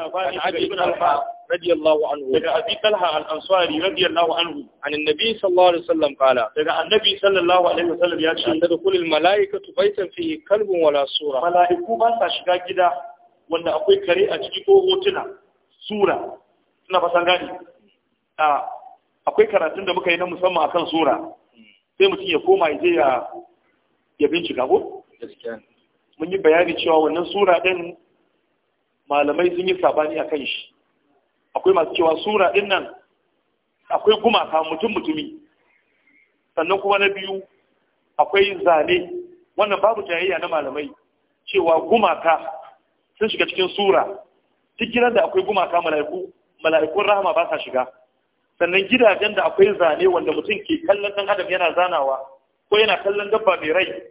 عباس عن أبي طلحة رضي الله عنه لقى أبي طلحة الأنصاري رضي الله عنه عن النبي صلى الله عليه وسلم قال لقى النبي صلى الله عليه وسلم يأتي أن تدخل الملائكة بيتا فيه كلب ولا صورة ملائكة ما تشغى كده وأن أقول كريئة تجيكو هوتنا صورة suna fasan gani a akwai karatun da muka yi na musamman akan sura sai mutum ya koma ya je ya bincika ko mun yi bayani cewa wannan sura ɗin malamai sun yi sabani a kan shi akwai masu cewa sura ɗin nan akwai gumaka mutum mutumi sannan kuma na biyu akwai zane wannan babu jayayya na malamai cewa gumaka sun shiga cikin sura duk gidan da akwai gumaka mala'iku mala'ikun rahama ba sa shiga sannan gidajen da akwai zane wanda mutum ke kallon ɗan adam yana zanawa ko yana kallon dabba mai rai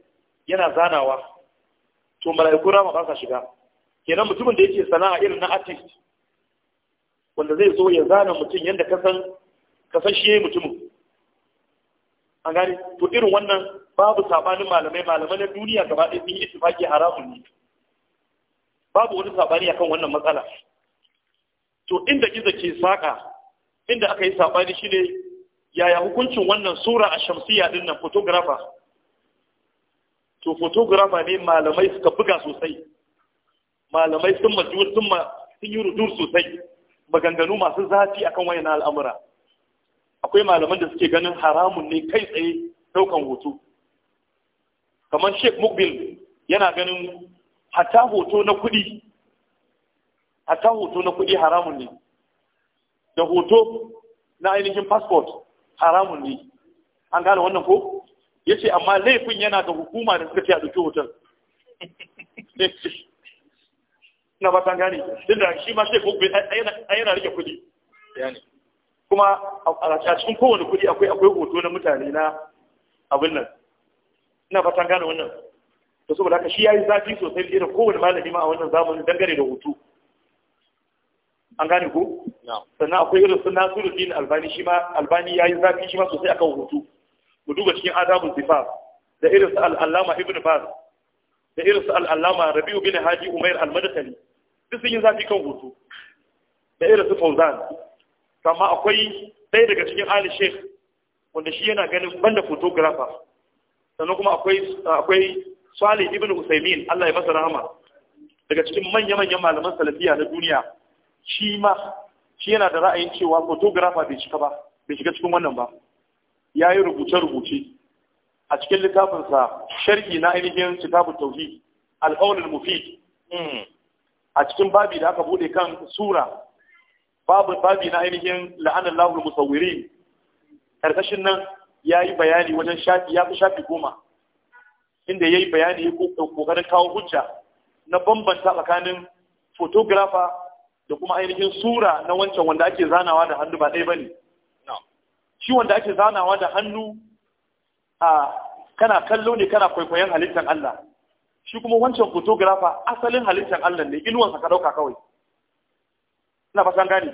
yana zanawa to mala'iku rama ba sa shiga kenan mutumin da yake sana'a irin na artist wanda zai zo ya zana mutum yadda kasan kasan shi yayi mutumin an gane to irin wannan babu sabanin malamai malamai na duniya gaba ɗaya sun yi ittifaqi haramun ne babu wani sabani akan wannan matsala to inda gizo ke saka inda aka yi sabani shine yaya hukuncin wannan sura a shamsiyya din nan photographer to photographer ne malamai suka buga sosai malamai sun majuwar sun yi rudur sosai maganganu masu zafi akan wayan al'amura akwai malaman da suke ganin haramun ne kai tsaye daukan hoto kamar sheikh mukbil yana ganin hata hoto na kuɗi hata hoto na kudi haramun ne da hoto na ainihin passport haramun ne an gane wannan ko ya ce amma laifin yana ga hukuma da suka ce a ɗauki hotel na ba gane tun shi ma sai hukumi a yana rike kuɗi kuma a cikin kowane kuɗi akwai akwai hoto na mutane na abin nan ina fatan gane wannan to saboda haka shi yayi zafi sosai da irin kowane malami ma a wannan zamanin dangane da hoto an gane ko sannan akwai irin su nasiru albani shi ma albani yayi zafi shi ma sosai akan hoto mu duba cikin adabul zifaf da irin su al'allama ibn baz da irin su al'allama rabi'u bin haji umair al-madkhali duk sun yi zafi kan hutu da irin su fauzan amma akwai ɗaya daga cikin ali sheikh wanda shi yana ganin banda photographer sannan kuma akwai akwai salih ibn usaimin Allah ya masa rahama daga cikin manya-manyan malaman salafiya na duniya shi ma shi yana da ra'ayin cewa photographer bai shiga ba bai shiga cikin wannan ba ya yi rubuce-rubuce a cikin littafinsa sharhi na ainihin kitabun tauhi alƙaunin mufid hmm. a cikin babi da aka bude kan sura babu babi na ainihin la'anar lahul Musawirin. ƙarƙashin nan ya yi bayani wajen shafi ya fi shafi goma inda ya yi bayani ya ƙoƙarin kawo hujja na bambanta tsakanin photographer da kuma ainihin sura na wancan wanda ake zanawa da hannu ba ɗaya ba ne ciwon da ake zanawa da hannu a kana kallo ne kana kwaikwayon halittar Allah shi kuma wancan fotografa asalin halittar Allah ne inuwansa ka dauka kawai na basan gani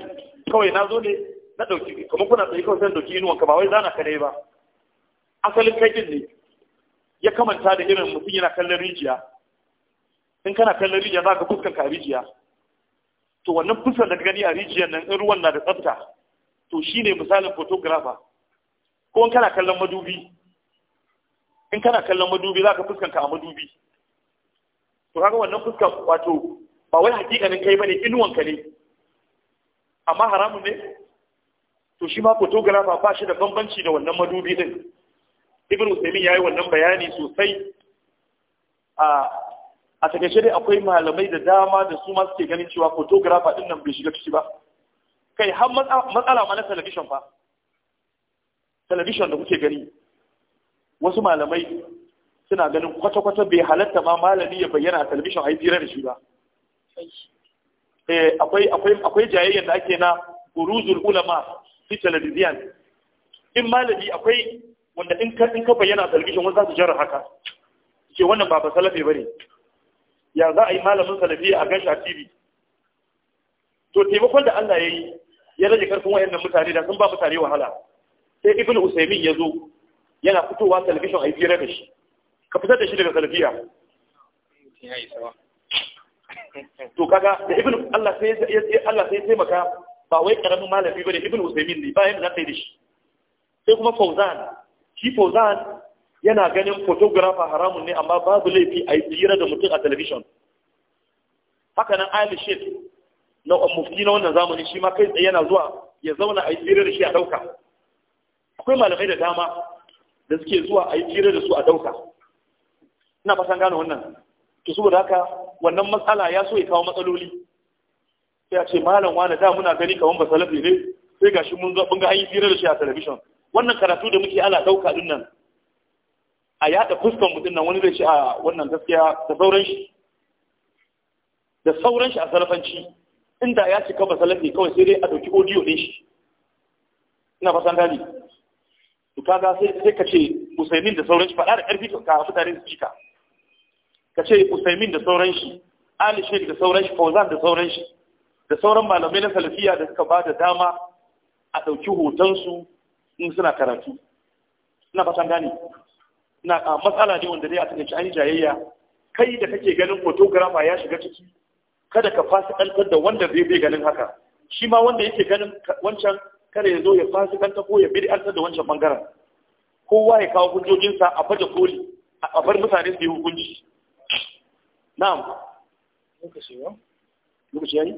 kawai na zo ne na dauki kuma kuna tsaye kawai sai dauki inuwan ka ba wai zana ka dai ba asalin kai ne ya kamanta da irin mutum yana kallon rijiya in kana kallon rijiya za ka fuskan ka rijiya to wannan fuskar da gani a rijiyar nan in ruwan na da tsafta to shi ne misalin photographer ko in kana kallon madubi in kana kallon madubi za ka fuskanka a madubi to kaga wannan fuskan wato ba wai hakikanin kai bane inuwanka ne amma haramun ne to shi ma photographer ba shi da bambanci da wannan madubi din ibn usaymin yayi wannan bayani sosai a a shi dai akwai malamai da dama da su ma suke ganin cewa photographer din nan bai shiga ciki ba kai har matsala ma na talabishin fa talabishin da kuke gani wasu malamai suna ganin kwata-kwata bai halatta ma malami ya bayyana a talabishin a yi da shi ba eh, akwai jayayyar da ake na guruzul ulama fi talabiziyan in malami akwai wanda in ka bayyana a talabishin wanda za su jarar haka ke wannan ba ba salafi ba ne ya za a yi malamin salafi a gashi a tv to taimakon da allah ya yi ya rage karfin wayannan mutane da sun ba mutane wahala sai ibnu usaymin ya zo yana fitowa talabishin a fira da shi ka fitar da shi daga salafiya to kaga da ibnu Allah sai Allah sai taimaka ba wai karamin malami bane ibnu usaymin ne bayan da sai da shi sai kuma fauzan shi fauzan yana ganin photographer haramun ne amma babu laifi a fira da mutum a talabishin haka nan Ali Sheikh na mufti na wannan zamani shi ma kai tsaye yana zuwa ya zauna a yi tsere da shi a ɗauka akwai malamai da dama da suke zuwa a yi tsere da su a ɗauka ina fatan gane wannan to saboda haka wannan matsala ya so ya kawo matsaloli sai a ce malam wani da muna gani kamar ba salafi ne sai gashi mun mun ga an yi tsere da shi a talabishin wannan karatu da muke ala ɗauka din nan a yaɗa fuskan mutum nan wani zai ce a wannan gaskiya da sauran shi da sauran shi a salafanci inda ya cika basalafi kawai sai dai a ɗauki odiyo ne shi ina fasan gani to kaga sai sai ka ce usaimin da sauran shi faɗa da ƙarfi ka mutane su cika ka ce usaimin da sauran shi ali sheikh da sauran shi fauzan da sauran shi da sauran malamai na salafiya da suka ba da dama a ɗauki hotonsu in suna karatu ina fatan gani ina matsala ne wanda dai a cikin an jayayya kai da kake ganin fotografa ya shiga ciki kada ka fasikantar da wanda zai bai ganin haka shi ma wanda yake ganin wancan kada ya zo ya fasikanta ko ya bid'antar da wancan bangaren kowa ya kawo hujjojinsa a baje koli a bar mutane su yi hukunci na'am lokaci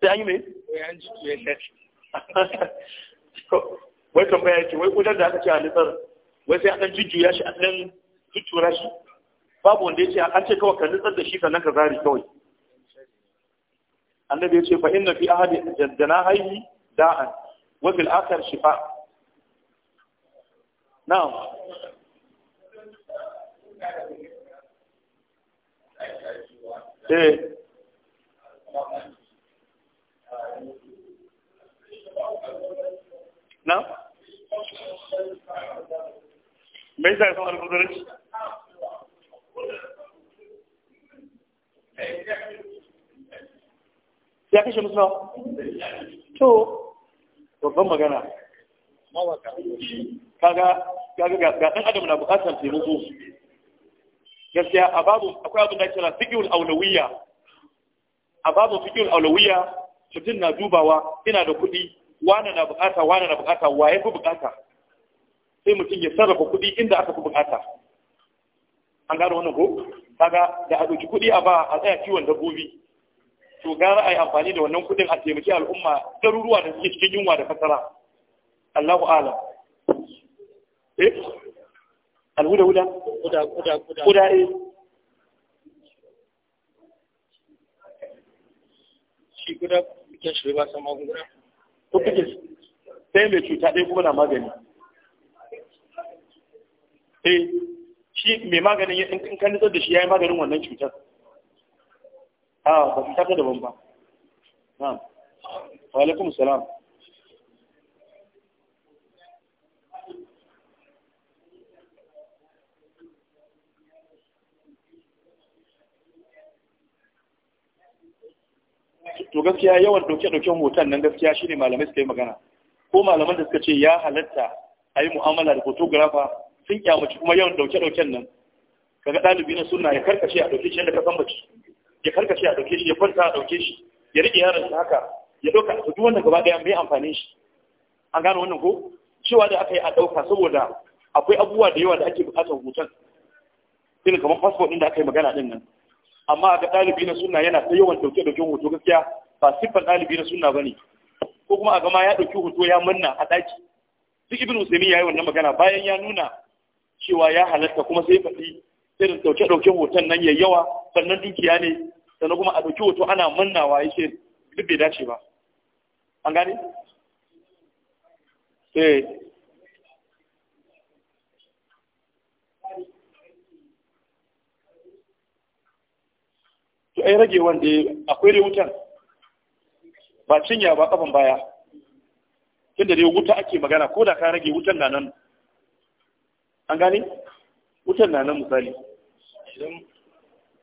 sai an yi mai wai tambaya yake wai kudan da aka ce a nutsar wai sai an jujjuya shi an dan jujjura shi babu wanda ya ce an ce kawai ka nutsar da shi sannan ka zari kawai annabi ya ce fa inna fi ahadi jaddana hayyi da'an wa fil akhar shifa na'am eh na mai sa yasan almubazaranci ya kashe musu nawa to babban kaga ga ɗan adam na buƙatar taimako gaskiya a babu akwai abin da kira fiqhul awlawiyya a babu fiqhul awlawiyya mutum na dubawa ina da kuɗi wane na bukata wane na bukata wa ya fi bukata sai mutum ya sarrafa kuɗi inda aka fi bukata an gano wannan ko kaga da a ɗauki kuɗi a ba a tsaya kiwon dabbobi to gara a yi amfani da wannan kuɗin a taimaki al'umma daruruwa da suke cikin yunwa da fasara Allahu alam eh alhuda huda huda huda huda eh shi guda shi ba ko kake sai mai cuta ɗaya kuma na magani eh shi mai maganin in kan nutsar da shi ya yi maganin wannan cutar a ah, ba su da daban ba na'am wa alaikum salam to gaskiya yawan ɗauke-ɗauken hoton nan gaskiya shine malamai suka yi magana ko malaman da suka ce ya halatta a yi mu'amala da photographer sun kyamaci kuma yawan ɗauke-ɗauken nan kaga ɗalibi na suna ya karkace a ɗauke shi yadda ka san ya karkace a ɗauke shi ya kwanta a ɗauke shi ya riƙe yaron shi haka ya ɗauka a duk wannan gaba ɗaya mai amfanin shi an gane wannan ko cewa da aka yi a ɗauka saboda akwai abubuwa da yawa da ake buƙatar hoton irin kamar passport ɗin da aka yi magana ɗin nan amma ga ɗalibi na sunna yana ta yawan dauke ɗauke hoto gaskiya ba siffar ɗalibi na sunna bane ko kuma a gama ya dauki hoto ya manna a daki duk ibnu ya yayi wannan magana bayan ya nuna cewa ya halatta kuma sai faɗi irin dauke dauke hoton nan yayi yawa sannan dukiya ne sannan kuma a dauki hoto ana mannawa yake duk bai dace ba an gane sai eh. ai rage wanda akwai dai wutan ba cinya ba kafan baya inda dai wuta ake magana ko da ka rage wutan na nan an gani wutan na nan misali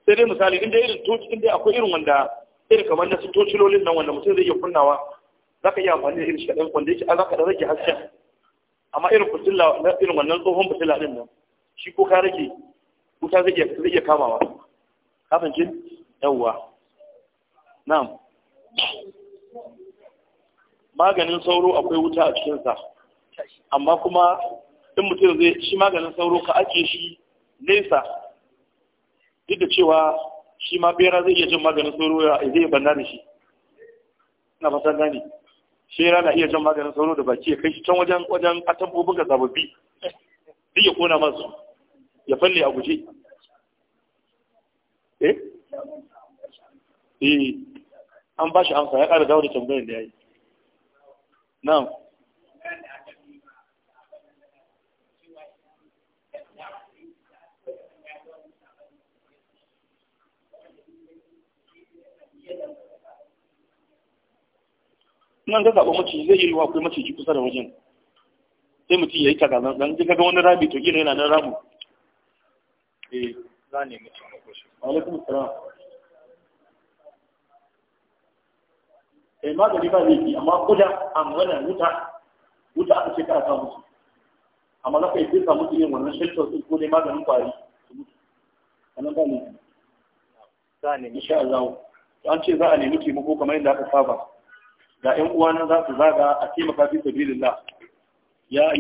sai dai misali inda irin toci inda akwai irin wanda irin kamar na su tocilolin nan wanda mutum zai iya kunnawa za ka iya amfani da irin shi kaɗan wanda yake an za ka rage hasken amma irin fitila na irin wannan tsohon fitila ɗin nan shi ko ka rage wuta zai iya kamawa kafin yawwa nan. maganin sauro akwai wuta a cikinsa amma kuma in mutum zai shi maganin sauro ka ake shi nesa duk da cewa shi ma bera zai iya jin maganin sauro ya zai banna da shi na fasar gani shera na iya jin maganin sauro da baki ya kai shi can wajen wajen atambobin ga sababbi duk ya kona masu ya falle a guje eh eh an bashi shi amsa ya ƙara dawo da tambayar da ya yi nan ga zaɓa mace zai yi wa mace ji kusa da wajen sai mutum ya yi takazan dan ji ga wani rami to gina yana nan ramu eh za ne mutum na kushe alaikum salam kai eh, magani ba zai amma kuda amana wuta wuta aka ce kara sa musu amma na kai fesa musu yin wannan shelter din ko dai maganin kwari su mutu anan ba ne za ne insha Allah an ce za a nemi taimako kamar yadda aka saba ga ƴan uwa nan za su zaga a taimaka fi sabilillah ya